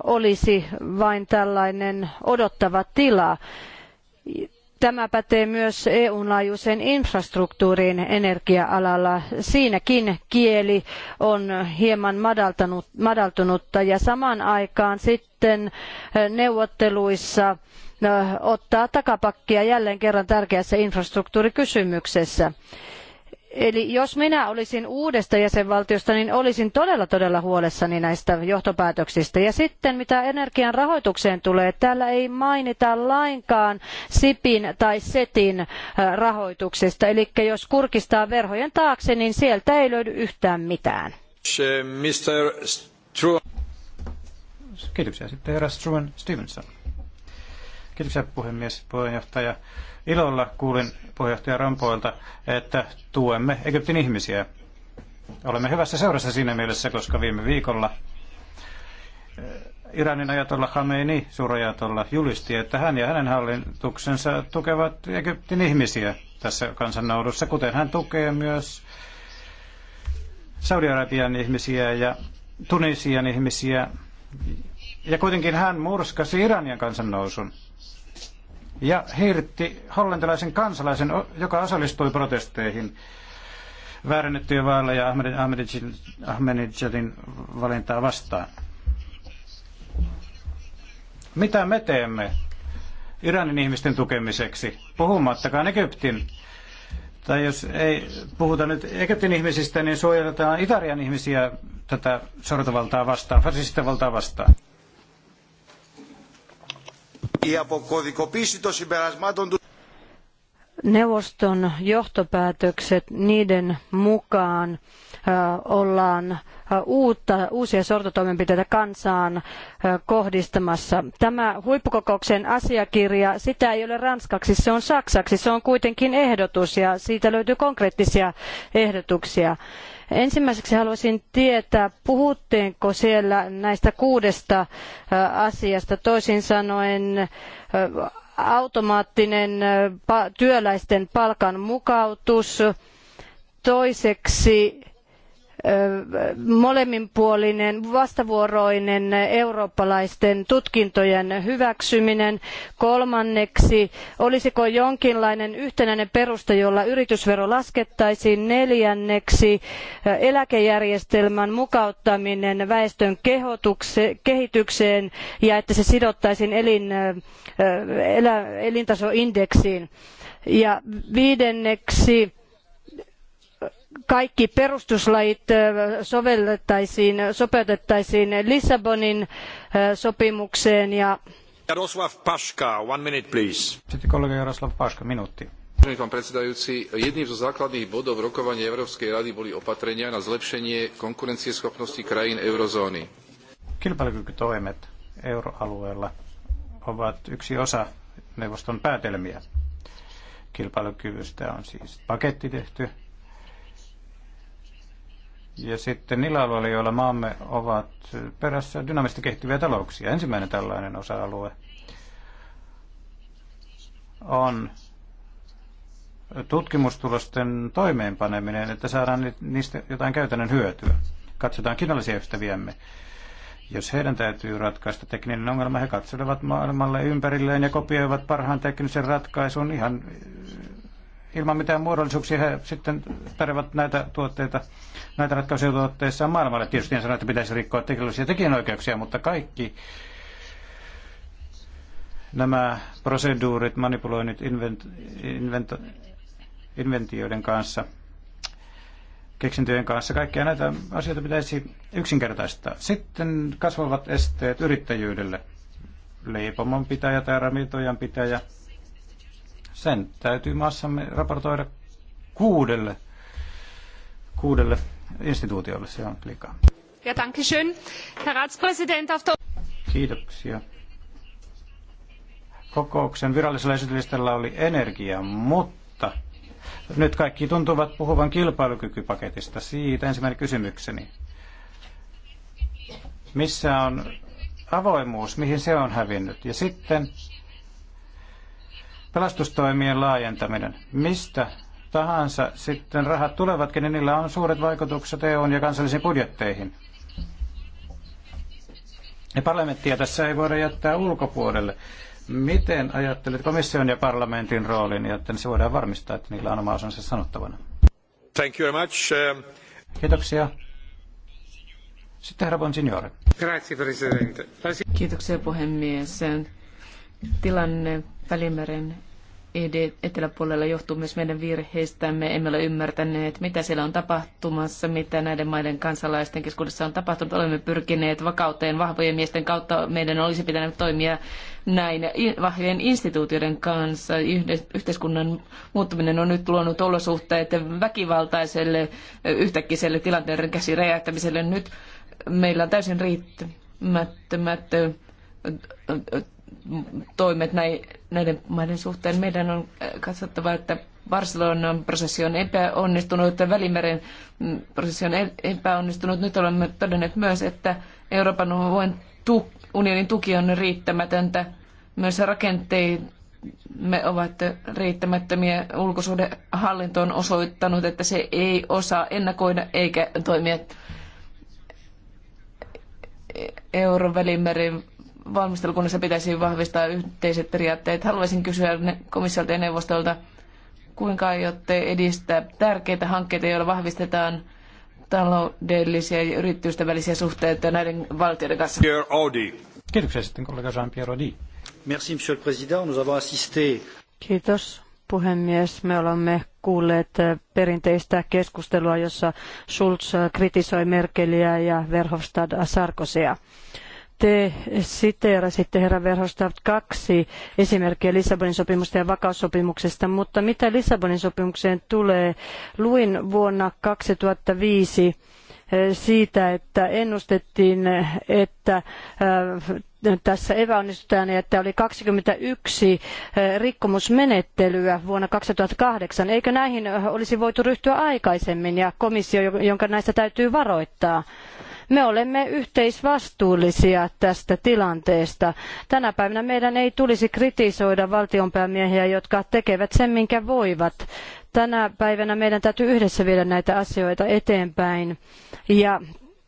olisi vain tällainen odottava tila. Tämä pätee myös eu laajuiseen infrastruktuuriin energia-alalla. Siinäkin kieli on hieman madaltunutta ja samaan aikaan sitten neuvotteluissa ottaa takapakkia jälleen kerran tärkeässä infrastruktuurikysymyksessä. Eli jos minä olisin uudesta jäsenvaltiosta, niin olisin todella todella huolissani näistä johtopäätöksistä. Ja sitten mitä energian rahoitukseen tulee, täällä ei mainita lainkaan SIPin tai SETin äh, rahoituksesta. Eli jos kurkistaa verhojen taakse, niin sieltä ei löydy yhtään mitään. Mr. Kiitoksia. Sitten herra Stevenson. Kiitoksia puhemies, puheenjohtaja. Ilolla kuulin puheenjohtaja Rampoilta, että tuemme Egyptin ihmisiä. Olemme hyvässä seurassa siinä mielessä, koska viime viikolla eh, Iranin ajatolla Khamenei suurajatolla julisti, että hän ja hänen hallituksensa tukevat Egyptin ihmisiä tässä kansannoudussa, kuten hän tukee myös Saudi-Arabian ihmisiä ja Tunisian ihmisiä. Ja kuitenkin hän murskasi Iranian kansannousun ja hirtti hollantilaisen kansalaisen, joka osallistui protesteihin väärännettyjä vaaleja Ahmadinejadin valintaa vastaan. Mitä me teemme Iranin ihmisten tukemiseksi, puhumattakaan Egyptin? Tai jos ei puhuta nyt Egyptin ihmisistä, niin suojelutaan Italian ihmisiä tätä sortovaltaa vastaan, valtaa vastaan. Neuvoston johtopäätökset, niiden mukaan ollaan uutta, uusia sortotoimenpiteitä kansaan kohdistamassa. Tämä huippukokouksen asiakirja, sitä ei ole ranskaksi, se on saksaksi. Se on kuitenkin ehdotus ja siitä löytyy konkreettisia ehdotuksia. Ensimmäiseksi haluaisin tietää, puhuttiinko siellä näistä kuudesta asiasta, toisin sanoen automaattinen työläisten palkan mukautus, toiseksi molemminpuolinen vastavuoroinen eurooppalaisten tutkintojen hyväksyminen. Kolmanneksi, olisiko jonkinlainen yhtenäinen peruste, jolla yritysvero laskettaisiin. Neljänneksi, eläkejärjestelmän mukauttaminen väestön kehitykseen ja että se sidottaisiin elin, elä, elintasoindeksiin. Ja viidenneksi, kaikki perustuslait sovellettaisiin, sopeutettaisiin Lissabonin sopimukseen ja Jaroslav Paška, one minute please. Sitten kollega Jaroslav Paška, minuutti. Vážený pán predsedajúci, jedným zo základných bodov rokovania Európskej rady boli opatrenia na zlepšenie konkurencieschopnosti krajín eurozóny. Kilpailukykytoimet euroalueella ovat yksi osa neuvoston päätelmiä. Kilpailukyvystä on siis paketti tehty, ja sitten niillä alueilla, joilla maamme ovat perässä dynaamisesti kehittyviä talouksia. Ensimmäinen tällainen osa-alue on tutkimustulosten toimeenpaneminen, että saadaan niistä jotain käytännön hyötyä. Katsotaan kiinalaisia ystäviämme. Jos heidän täytyy ratkaista tekninen ongelma, he katselevat maailmalle ympärilleen ja kopioivat parhaan teknisen ratkaisun ihan ilman mitään muodollisuuksia he sitten tarjoavat näitä tuotteita, näitä ratkaisuja tuotteissaan maailmalle. Tietysti en sano, että pitäisi rikkoa tekijöllisiä tekijänoikeuksia, mutta kaikki nämä proseduurit, manipuloinnit invent, invent, inventioiden kanssa, keksintöjen kanssa, kaikkia näitä asioita pitäisi yksinkertaistaa. Sitten kasvavat esteet yrittäjyydelle. Leipomon pitäjä tai ramitojan pitäjä sen täytyy maassamme raportoida kuudelle, kuudelle instituutiolle. Se on liikaa. Ja danke schön. Herr Ratspräsident, auf Kiitoksia. Kokouksen virallisella esityslistalla oli energia, mutta nyt kaikki tuntuvat puhuvan kilpailukykypaketista. Siitä ensimmäinen kysymykseni. Missä on avoimuus, mihin se on hävinnyt? Ja sitten Pelastustoimien laajentaminen. Mistä tahansa sitten rahat tulevatkin, niin niillä on suuret vaikutukset EUn ja kansallisiin budjetteihin. Ja parlamenttia tässä ei voida jättää ulkopuolelle. Miten ajattelet komission ja parlamentin roolin, jotta se voidaan varmistaa, että niillä on oma osansa sanottavana? Thank you very much. Um, Kiitoksia. Sitten herra Bonsignore. Grazie, presidente. Kiitoksia puhemies. Tilanne Välimeren eteläpuolella johtuu myös meidän virheistämme. Emme ole ymmärtäneet, mitä siellä on tapahtumassa, mitä näiden maiden kansalaisten keskuudessa on tapahtunut. Olemme pyrkineet vakauteen vahvojen miesten kautta. Meidän olisi pitänyt toimia näin vahvojen instituutioiden kanssa. Yhteiskunnan muuttuminen on nyt luonut olosuhteet väkivaltaiselle yhtäkkiselle tilanteiden käsiräjähtämiselle. Nyt meillä on täysin riittämättömät toimet näiden maiden suhteen. Meidän on äh, katsottava, että Barcelonan prosessi on epäonnistunut ja Välimeren mm, prosessi on e-, epäonnistunut. Nyt olemme todenneet myös, että Euroopan unionin tuki on riittämätöntä. Myös rakenteemme ovat riittämättömiä. Ulkosuhdehallinto on osoittanut, että se ei osaa ennakoida eikä toimia e-, Euroopan välimeren valmistelukunnassa pitäisi vahvistaa yhteiset periaatteet. Haluaisin kysyä komissiolta ja neuvostolta, kuinka aiotte edistää tärkeitä hankkeita, joilla vahvistetaan taloudellisia ja yritysten välisiä suhteita näiden valtioiden kanssa. Pierre Audi. Kiitoksia sitten kollega Jean-Pierre Audi. Merci, monsieur le président. Nous avons assisté. Kiitos puhemies. Me olemme kuulleet perinteistä keskustelua, jossa Schulz kritisoi Merkeliä ja Verhofstadt Sarkosea. Te siteerasitte herra Verhofstadt kaksi esimerkkiä Lissabonin sopimusta ja vakaussopimuksesta, mutta mitä Lissabonin sopimukseen tulee? Luin vuonna 2005 eh, siitä, että ennustettiin, että eh, tässä epäonnistutaan ja että oli 21 eh, rikkomusmenettelyä vuonna 2008. Eikö näihin olisi voitu ryhtyä aikaisemmin ja komissio, jonka näistä täytyy varoittaa? Me olemme yhteisvastuullisia tästä tilanteesta. Tänä päivänä meidän ei tulisi kritisoida valtionpäämiehiä, jotka tekevät sen, minkä voivat. Tänä päivänä meidän täytyy yhdessä viedä näitä asioita eteenpäin ja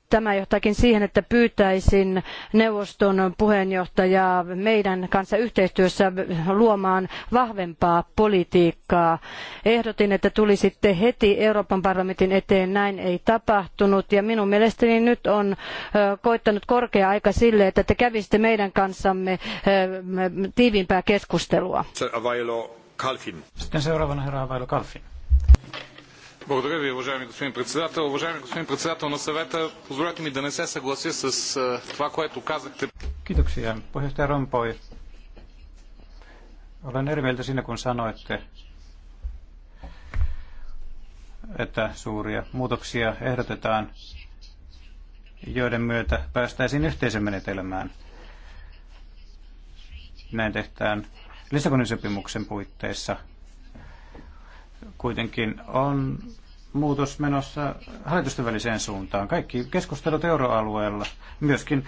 Tämä johtakin siihen, että pyytäisin neuvoston puheenjohtajaa meidän kanssa yhteistyössä luomaan vahvempaa politiikkaa. Ehdotin, että tulisitte heti Euroopan parlamentin eteen. Näin ei tapahtunut ja minun mielestäni nyt on koittanut korkea aika sille, että te kävisitte meidän kanssamme tiiviimpää keskustelua. Sitten seuraavana herra Kalfin. Благодаря ви, уважаеми господин председател. Уважаеми господин председател на съвета, позволете ми да не се съглася с това, което казахте. Kiitoksia. Puheenjohtaja Rompoi, olen eri mieltä siinä, kun sanoitte, että suuria muutoksia ehdotetaan, joiden myötä päästäisiin yhteisömenetelmään. Näin tehtään Lissabonin sopimuksen puitteissa – kuitenkin on muutos menossa hallitusten väliseen suuntaan. Kaikki keskustelut euroalueella myöskin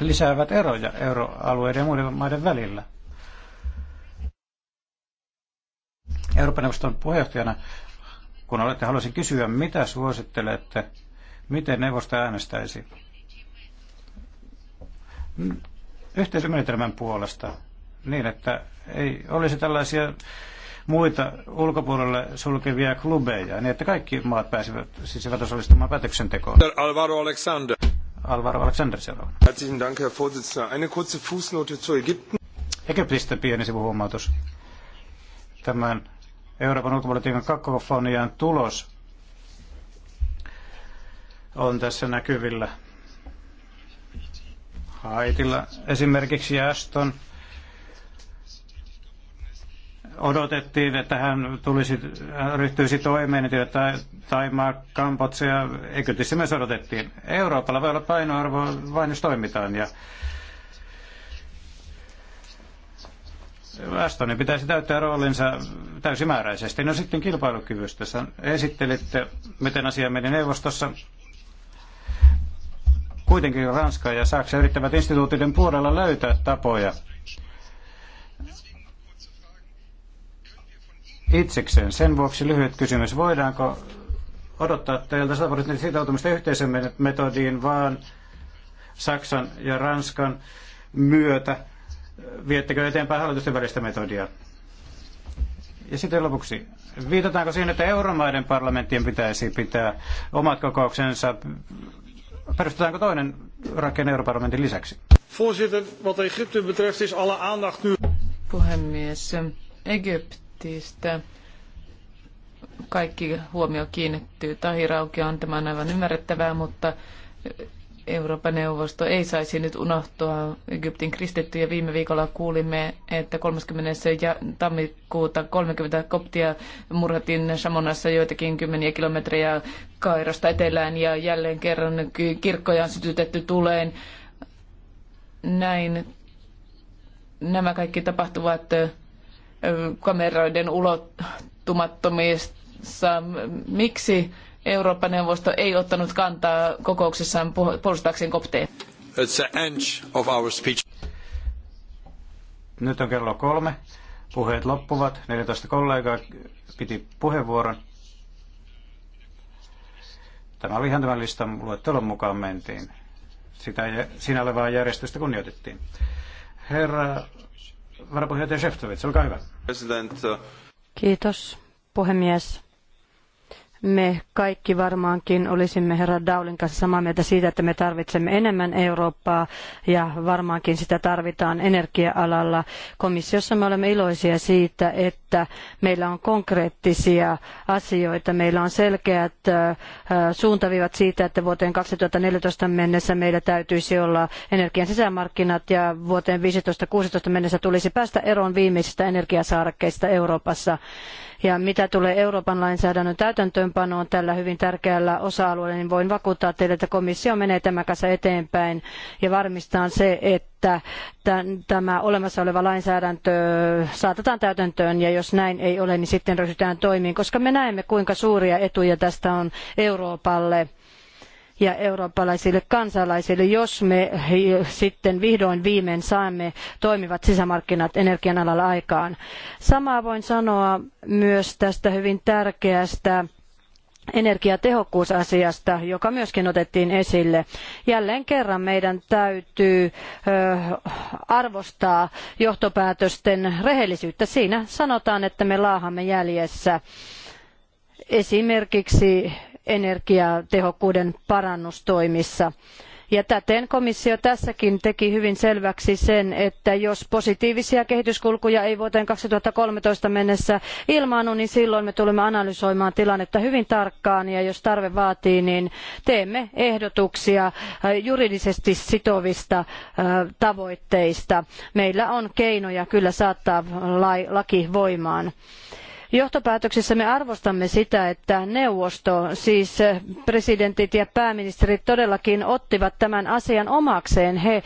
lisäävät eroja euroalueiden ja muiden maiden välillä. Euroopan neuvoston puheenjohtajana, kun olette, haluaisin kysyä, mitä suosittelette, miten neuvosto äänestäisi yhteisömenetelmän puolesta niin, että ei olisi tällaisia muita ulkopuolelle sulkevia klubeja, niin että kaikki maat pääsivät siis osallistumaan päätöksentekoon. Alvaro Alexander. Alvaro Alexander seuraava. Herzlichen Dank, Herr Vorsitzender. Eine kurze Fußnote zu Ägypten. Egyptistä pieni sivuhuomautus. Tämän Euroopan ulkopolitiikan kakofonian tulos on tässä näkyvillä. Haitilla esimerkiksi Aston odotettiin, että hän tulisi, ryhtyisi toimeen että Taimaa, Kambotsia ja Egyptissä myös odotettiin. Euroopalla voi olla painoarvoa vain jos toimitaan. Ja niin pitäisi täyttää roolinsa täysimääräisesti. No sitten kilpailukyvystä. Esittelitte, miten asia meni neuvostossa. Kuitenkin Ranska ja Saksa yrittävät instituutioiden puolella löytää tapoja itsekseen. Sen vuoksi lyhyt kysymys. Voidaanko odottaa teiltä sataprosenttista sitoutumista yhteisön metodiin vaan Saksan ja Ranskan myötä? Viettekö eteenpäin hallitusten välistä metodia? Ja sitten lopuksi, viitataanko siihen, että euromaiden parlamenttien pitäisi pitää omat kokouksensa? Perustetaanko toinen rakenne europarlamentin lisäksi? Voorzitter, wat Egypte betreft is alle aandacht nu... Puhemies, Egypt budjetista kaikki huomio kiinnittyy Tahiraukia on tämän aivan ymmärrettävää, mutta Euroopan neuvosto ei saisi nyt unohtua Egyptin kristittyjä. Viime viikolla kuulimme, että 30. tammikuuta 30 koptia murhattiin Shamonassa joitakin kymmeniä kilometrejä Kairosta etelään ja jälleen kerran kirkkoja on sytytetty tuleen. Näin nämä kaikki tapahtuvat kameroiden ulottumattomissa. Miksi Euroopan neuvosto ei ottanut kantaa kokouksessaan puolustaakseen kopteen? Nyt on kello kolme. Puheet loppuvat. 14 kollegaa piti puheenvuoron. Tämä oli ihan tämän listan luettelon mukaan mentiin. Sitä siinä olevaa järjestystä kunnioitettiin. Herra varapuheenjohtaja Sheftovits, olkaa hyvä. Uh, Kiitos, puhemies. Me kaikki varmaankin olisimme herra Daulin kanssa samaa mieltä siitä, että me tarvitsemme enemmän Eurooppaa ja varmaankin sitä tarvitaan energia-alalla. Komissiossa me olemme iloisia siitä, että meillä on konkreettisia asioita. Meillä on selkeät suuntaviivat siitä, että vuoteen 2014 mennessä meillä täytyisi olla energian sisämarkkinat ja vuoteen 2015-2016 mennessä tulisi päästä eroon viimeisistä energiasaarekkeista Euroopassa. Ja mitä tulee Euroopan lainsäädännön täytäntöönpanoon tällä hyvin tärkeällä osa-alueella, niin voin vakuuttaa teille, että komissio menee tämän kanssa eteenpäin ja varmistaa se, että tämä olemassa oleva lainsäädäntö saatetaan täytäntöön ja jos näin ei ole, niin sitten ryhdytään toimiin, koska me näemme kuinka suuria etuja tästä on Euroopalle ja eurooppalaisille kansalaisille, jos me sitten vihdoin viimein saamme toimivat sisämarkkinat energian alalla aikaan. Samaa voin sanoa myös tästä hyvin tärkeästä energiatehokkuusasiasta, joka myöskin otettiin esille. Jälleen kerran meidän täytyy arvostaa johtopäätösten rehellisyyttä. Siinä sanotaan, että me laahamme jäljessä esimerkiksi energiatehokkuuden parannustoimissa. Ja täten komissio tässäkin teki hyvin selväksi sen, että jos positiivisia kehityskulkuja ei vuoteen 2013 mennessä ilmaannu, niin silloin me tulemme analysoimaan tilannetta hyvin tarkkaan ja jos tarve vaatii, niin teemme ehdotuksia äh, juridisesti sitovista äh, tavoitteista. Meillä on keinoja kyllä saattaa laki voimaan. Johtopäätöksissämme arvostamme sitä, että neuvosto, siis presidentit ja pääministerit todellakin ottivat tämän asian omakseen. He eh,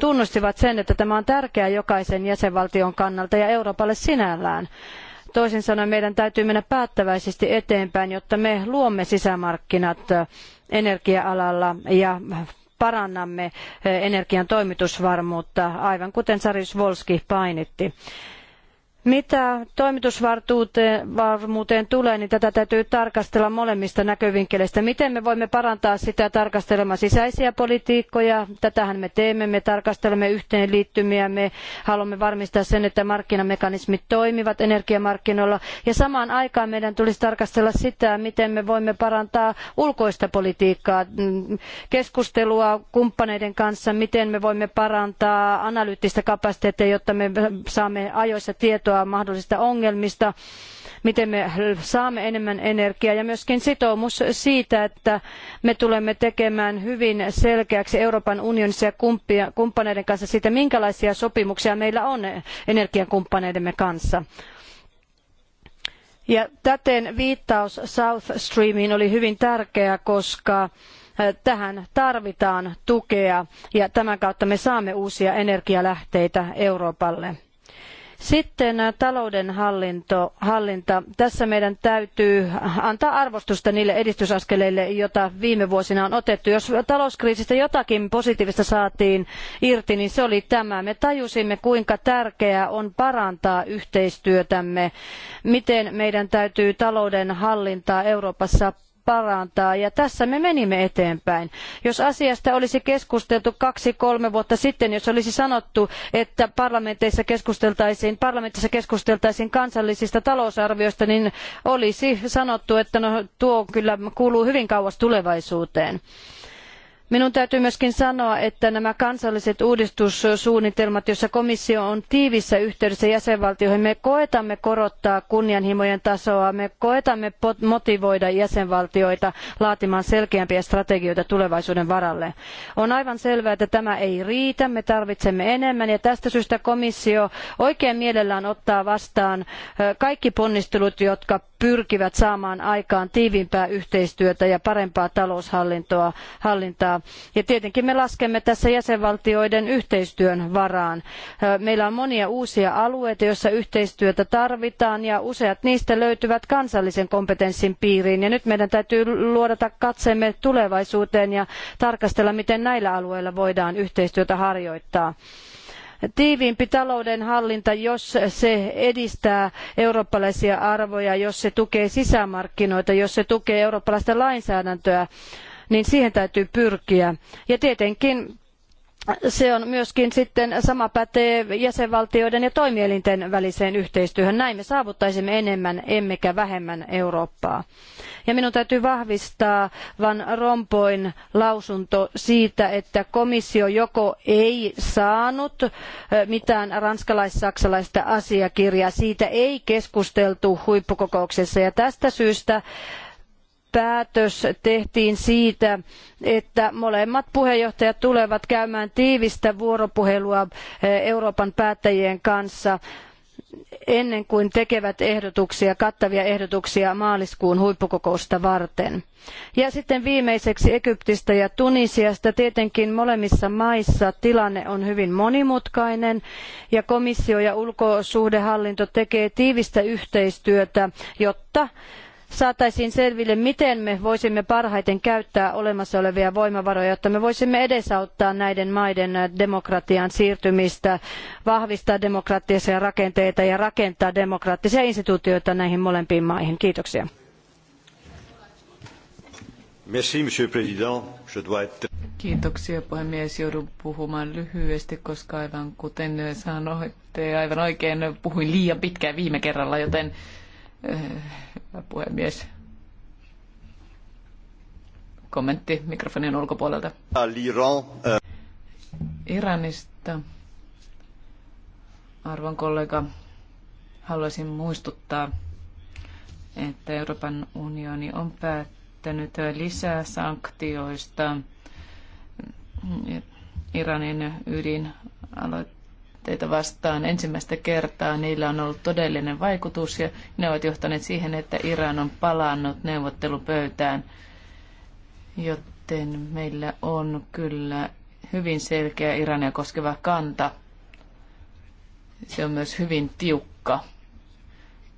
tunnustivat sen, että tämä on tärkeää jokaisen jäsenvaltion kannalta ja Euroopalle sinällään. Toisin sanoen meidän täytyy mennä päättäväisesti eteenpäin, jotta me luomme sisämarkkinat eh, energia-alalla ja parannamme eh, energian toimitusvarmuutta, aivan kuten Sarius Volski painitti. Mitä toimitusvarmuuteen tulee, niin tätä täytyy tarkastella molemmista näkövinkkeleistä. Miten me voimme parantaa sitä tarkastelema sisäisiä politiikkoja? Tätähän me teemme. Me tarkastelemme yhteenliittymiä. Me haluamme varmistaa sen, että markkinamekanismit toimivat energiamarkkinoilla. Ja samaan aikaan meidän tulisi tarkastella sitä, miten me voimme parantaa ulkoista politiikkaa, keskustelua kumppaneiden kanssa, miten me voimme parantaa analyyttistä kapasiteettia, jotta me saamme ajoissa tietoa tietoa mahdollisista ongelmista, miten me saamme enemmän energiaa ja myöskin sitoumus siitä, että me tulemme tekemään hyvin selkeäksi Euroopan unionissa ja kumppaneiden kanssa siitä, minkälaisia sopimuksia meillä on energiakumppaneidemme kanssa. Ja täten viittaus South Streamiin oli hyvin tärkeä, koska tähän tarvitaan tukea ja tämän kautta me saamme uusia energialähteitä Euroopalle. Sitten äh, talouden hallinto, hallinta. Tässä meidän täytyy antaa arvostusta niille edistysaskeleille, joita viime vuosina on otettu. Jos talouskriisistä jotakin positiivista saatiin irti, niin se oli tämä. Me tajusimme, kuinka tärkeää on parantaa yhteistyötämme, miten meidän täytyy talouden hallintaa Euroopassa parantaa ja tässä me menimme eteenpäin. Jos asiasta olisi keskusteltu kaksi kolme vuotta sitten, jos olisi sanottu, että parlamenteissa keskusteltaisiin, parlamentissa keskusteltaisiin kansallisista talousarvioista, niin olisi sanottu, että no, tuo kyllä kuuluu hyvin kauas tulevaisuuteen. Minun täytyy myöskin sanoa, että nämä kansalliset uudistussuunnitelmat, joissa komissio on tiiviissä yhteydessä jäsenvaltioihin, me koetamme korottaa kunnianhimojen tasoa, me koetamme motivoida jäsenvaltioita laatimaan selkeämpiä strategioita tulevaisuuden varalle. On aivan selvää, että tämä ei riitä, me tarvitsemme enemmän ja tästä syystä komissio oikein mielellään ottaa vastaan kaikki ponnistelut, jotka pyrkivät saamaan aikaan tiiviimpää yhteistyötä ja parempaa taloushallintoa hallintaa ja tietenkin me laskemme tässä jäsenvaltioiden yhteistyön varaan. Meillä on monia uusia alueita, joissa yhteistyötä tarvitaan ja useat niistä löytyvät kansallisen kompetenssin piiriin. Ja nyt meidän täytyy luodata katseemme tulevaisuuteen ja tarkastella, miten näillä alueilla voidaan yhteistyötä harjoittaa tiiviimpi talouden hallinta jos se edistää eurooppalaisia arvoja jos se tukee sisämarkkinoita jos se tukee eurooppalaista lainsäädäntöä niin siihen täytyy pyrkiä. Ja tietenkin se on myöskin sitten sama pätee jäsenvaltioiden ja toimielinten väliseen yhteistyöhön. Näin me saavuttaisimme enemmän, emmekä vähemmän Eurooppaa. Ja minun täytyy vahvistaa Van Rompoin lausunto siitä, että komissio joko ei saanut mitään ranskalais-saksalaista asiakirjaa. Siitä ei keskusteltu huippukokouksessa ja tästä syystä päätös tehtiin siitä, että molemmat puheenjohtajat tulevat käymään tiivistä vuoropuhelua eh, Euroopan päättäjien kanssa ennen kuin tekevät ehdotuksia, kattavia ehdotuksia maaliskuun huippukokousta varten. Ja sitten viimeiseksi Egyptistä ja Tunisiasta. Tietenkin molemmissa maissa tilanne on hyvin monimutkainen ja komissio ja ulkosuhdehallinto tekee tiivistä yhteistyötä, jotta saataisiin selville, miten me voisimme parhaiten käyttää olemassa olevia voimavaroja, jotta me voisimme edesauttaa näiden maiden äh, demokratiaan siirtymistä, vahvistaa demokraattisia rakenteita ja rakentaa demokraattisia instituutioita näihin molempiin maihin. Kiitoksia. Kiitoksia puhemies. Joudun puhumaan lyhyesti, koska aivan kuten sanoitte aivan oikein, puhuin liian pitkään viime kerralla, joten puhemies. Kommentti mikrofonin ulkopuolelta. Iranista. Arvon kollega, haluaisin muistuttaa, että Euroopan unioni on päättänyt lisää sanktioista Iranin ydinaloitteista tuotteita vastaan. Ensimmäistä kertaa niillä on ollut todellinen vaikutus ja ne ovat johtaneet siihen, että Iran on palannut neuvottelupöytään, joten meillä on kyllä hyvin selkeä Irania koskeva kanta. Se on myös hyvin tiukka.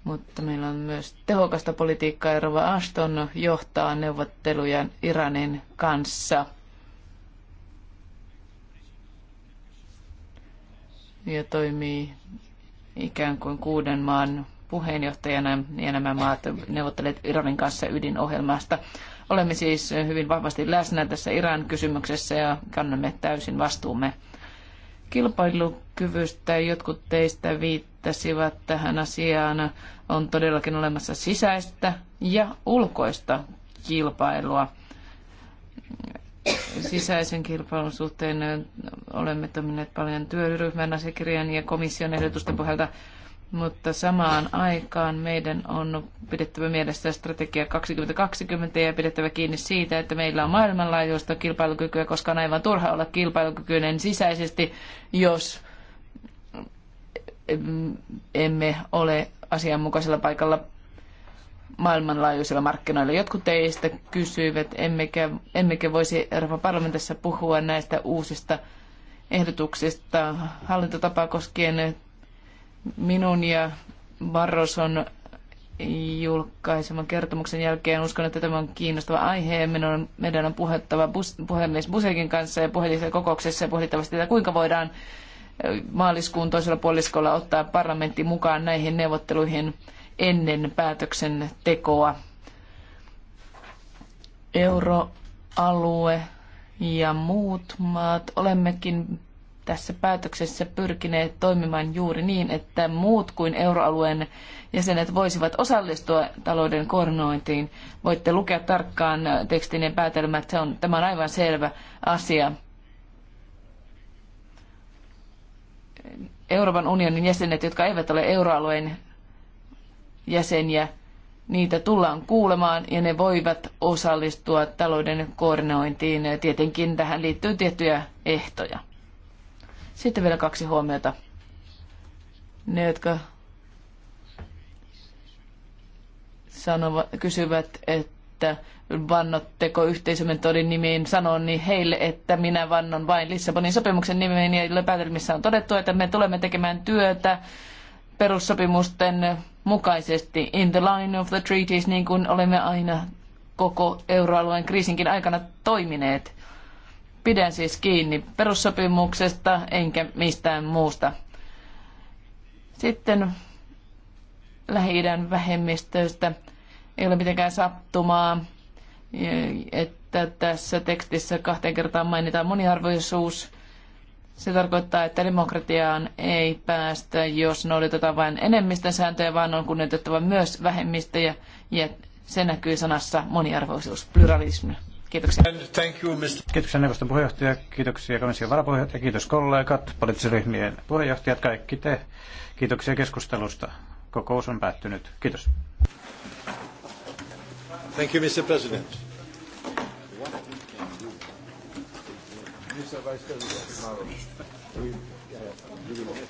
Mutta meillä on myös tehokasta politiikkaa ja Rova Ashton johtaa neuvotteluja Iranin kanssa – ja toimii ikään kuin kuuden maan puheenjohtajana ja nämä maat neuvottelevat Iranin kanssa ydinohjelmasta. Olemme siis hyvin vahvasti läsnä tässä Iran-kysymyksessä ja kannamme täysin vastuumme kilpailukyvystä. Jotkut teistä viittasivat tähän asiaan. On todellakin olemassa sisäistä ja ulkoista kilpailua sisäisen kilpailun suhteen olemme toimineet paljon työryhmän asiakirjan ja komission ehdotusten pohjalta, mutta samaan aikaan meidän on pidettävä mielessä strategia 2020 ja pidettävä kiinni siitä, että meillä on maailmanlaajuista kilpailukykyä, koska on aivan turha olla kilpailukykyinen sisäisesti, jos emme ole asianmukaisella paikalla maailmanlaajuisilla markkinoilla. Jotkut teistä kysyivät, emmekä, emmekä voisi Euroopan parlamentissa puhua näistä uusista ehdotuksista hallintotapaa koskien minun ja Barroson julkaiseman kertomuksen jälkeen. Uskon, että tämä on kiinnostava aihe. Minun, meidän on puhettava bus, puhemies Busekin kanssa ja puhelisessa kokouksessa ja pohdittava sitä, kuinka voidaan maaliskuun toisella puoliskolla ottaa parlamentti mukaan näihin neuvotteluihin ennen päätöksen tekoa. Euroalue ja muut maat olemmekin tässä päätöksessä pyrkineet toimimaan juuri niin, että muut kuin euroalueen jäsenet voisivat osallistua talouden koordinointiin. Voitte lukea tarkkaan tekstin ja päätelmät, se on, tämä on aivan selvä asia. Euroopan unionin jäsenet, jotka eivät ole euroalueen jäseniä. Niitä tullaan kuulemaan ja ne voivat osallistua talouden koordinointiin. Tietenkin tähän liittyy tiettyjä ehtoja. Sitten vielä kaksi huomiota. Ne, jotka sanova, kysyvät, että vannotteko todin nimiin, sanon niin heille, että minä vannon vain Lissabonin sopimuksen nimiin, ja päätelmissä on todettu, että me tulemme tekemään työtä perussopimusten mukaisesti in the line of the treaties, niin kuin olemme aina koko euroalueen kriisinkin aikana toimineet. Pidän siis kiinni perussopimuksesta enkä mistään muusta. Sitten Lähi-idän vähemmistöistä ei ole mitenkään sattumaa, että tässä tekstissä kahteen kertaan mainitaan moniarvoisuus se tarkoittaa, että demokratiaan ei päästä, jos noudatetaan vain enemmistön sääntöjä, vaan on kunnioitettava myös vähemmistöjä, ja se näkyy sanassa moniarvoisuus, pluralismi. Kiitoksia. Thank you, Mr. Kiitoksia neuvoston puheenjohtaja, kiitoksia komission varapuheenjohtaja, kiitos kollegat, poliittisryhmien puheenjohtajat, kaikki te. Kiitoksia keskustelusta. Kokous on päättynyt. Kiitos. Thank you, Mr. President. Mr. Vice President. Tomorrow.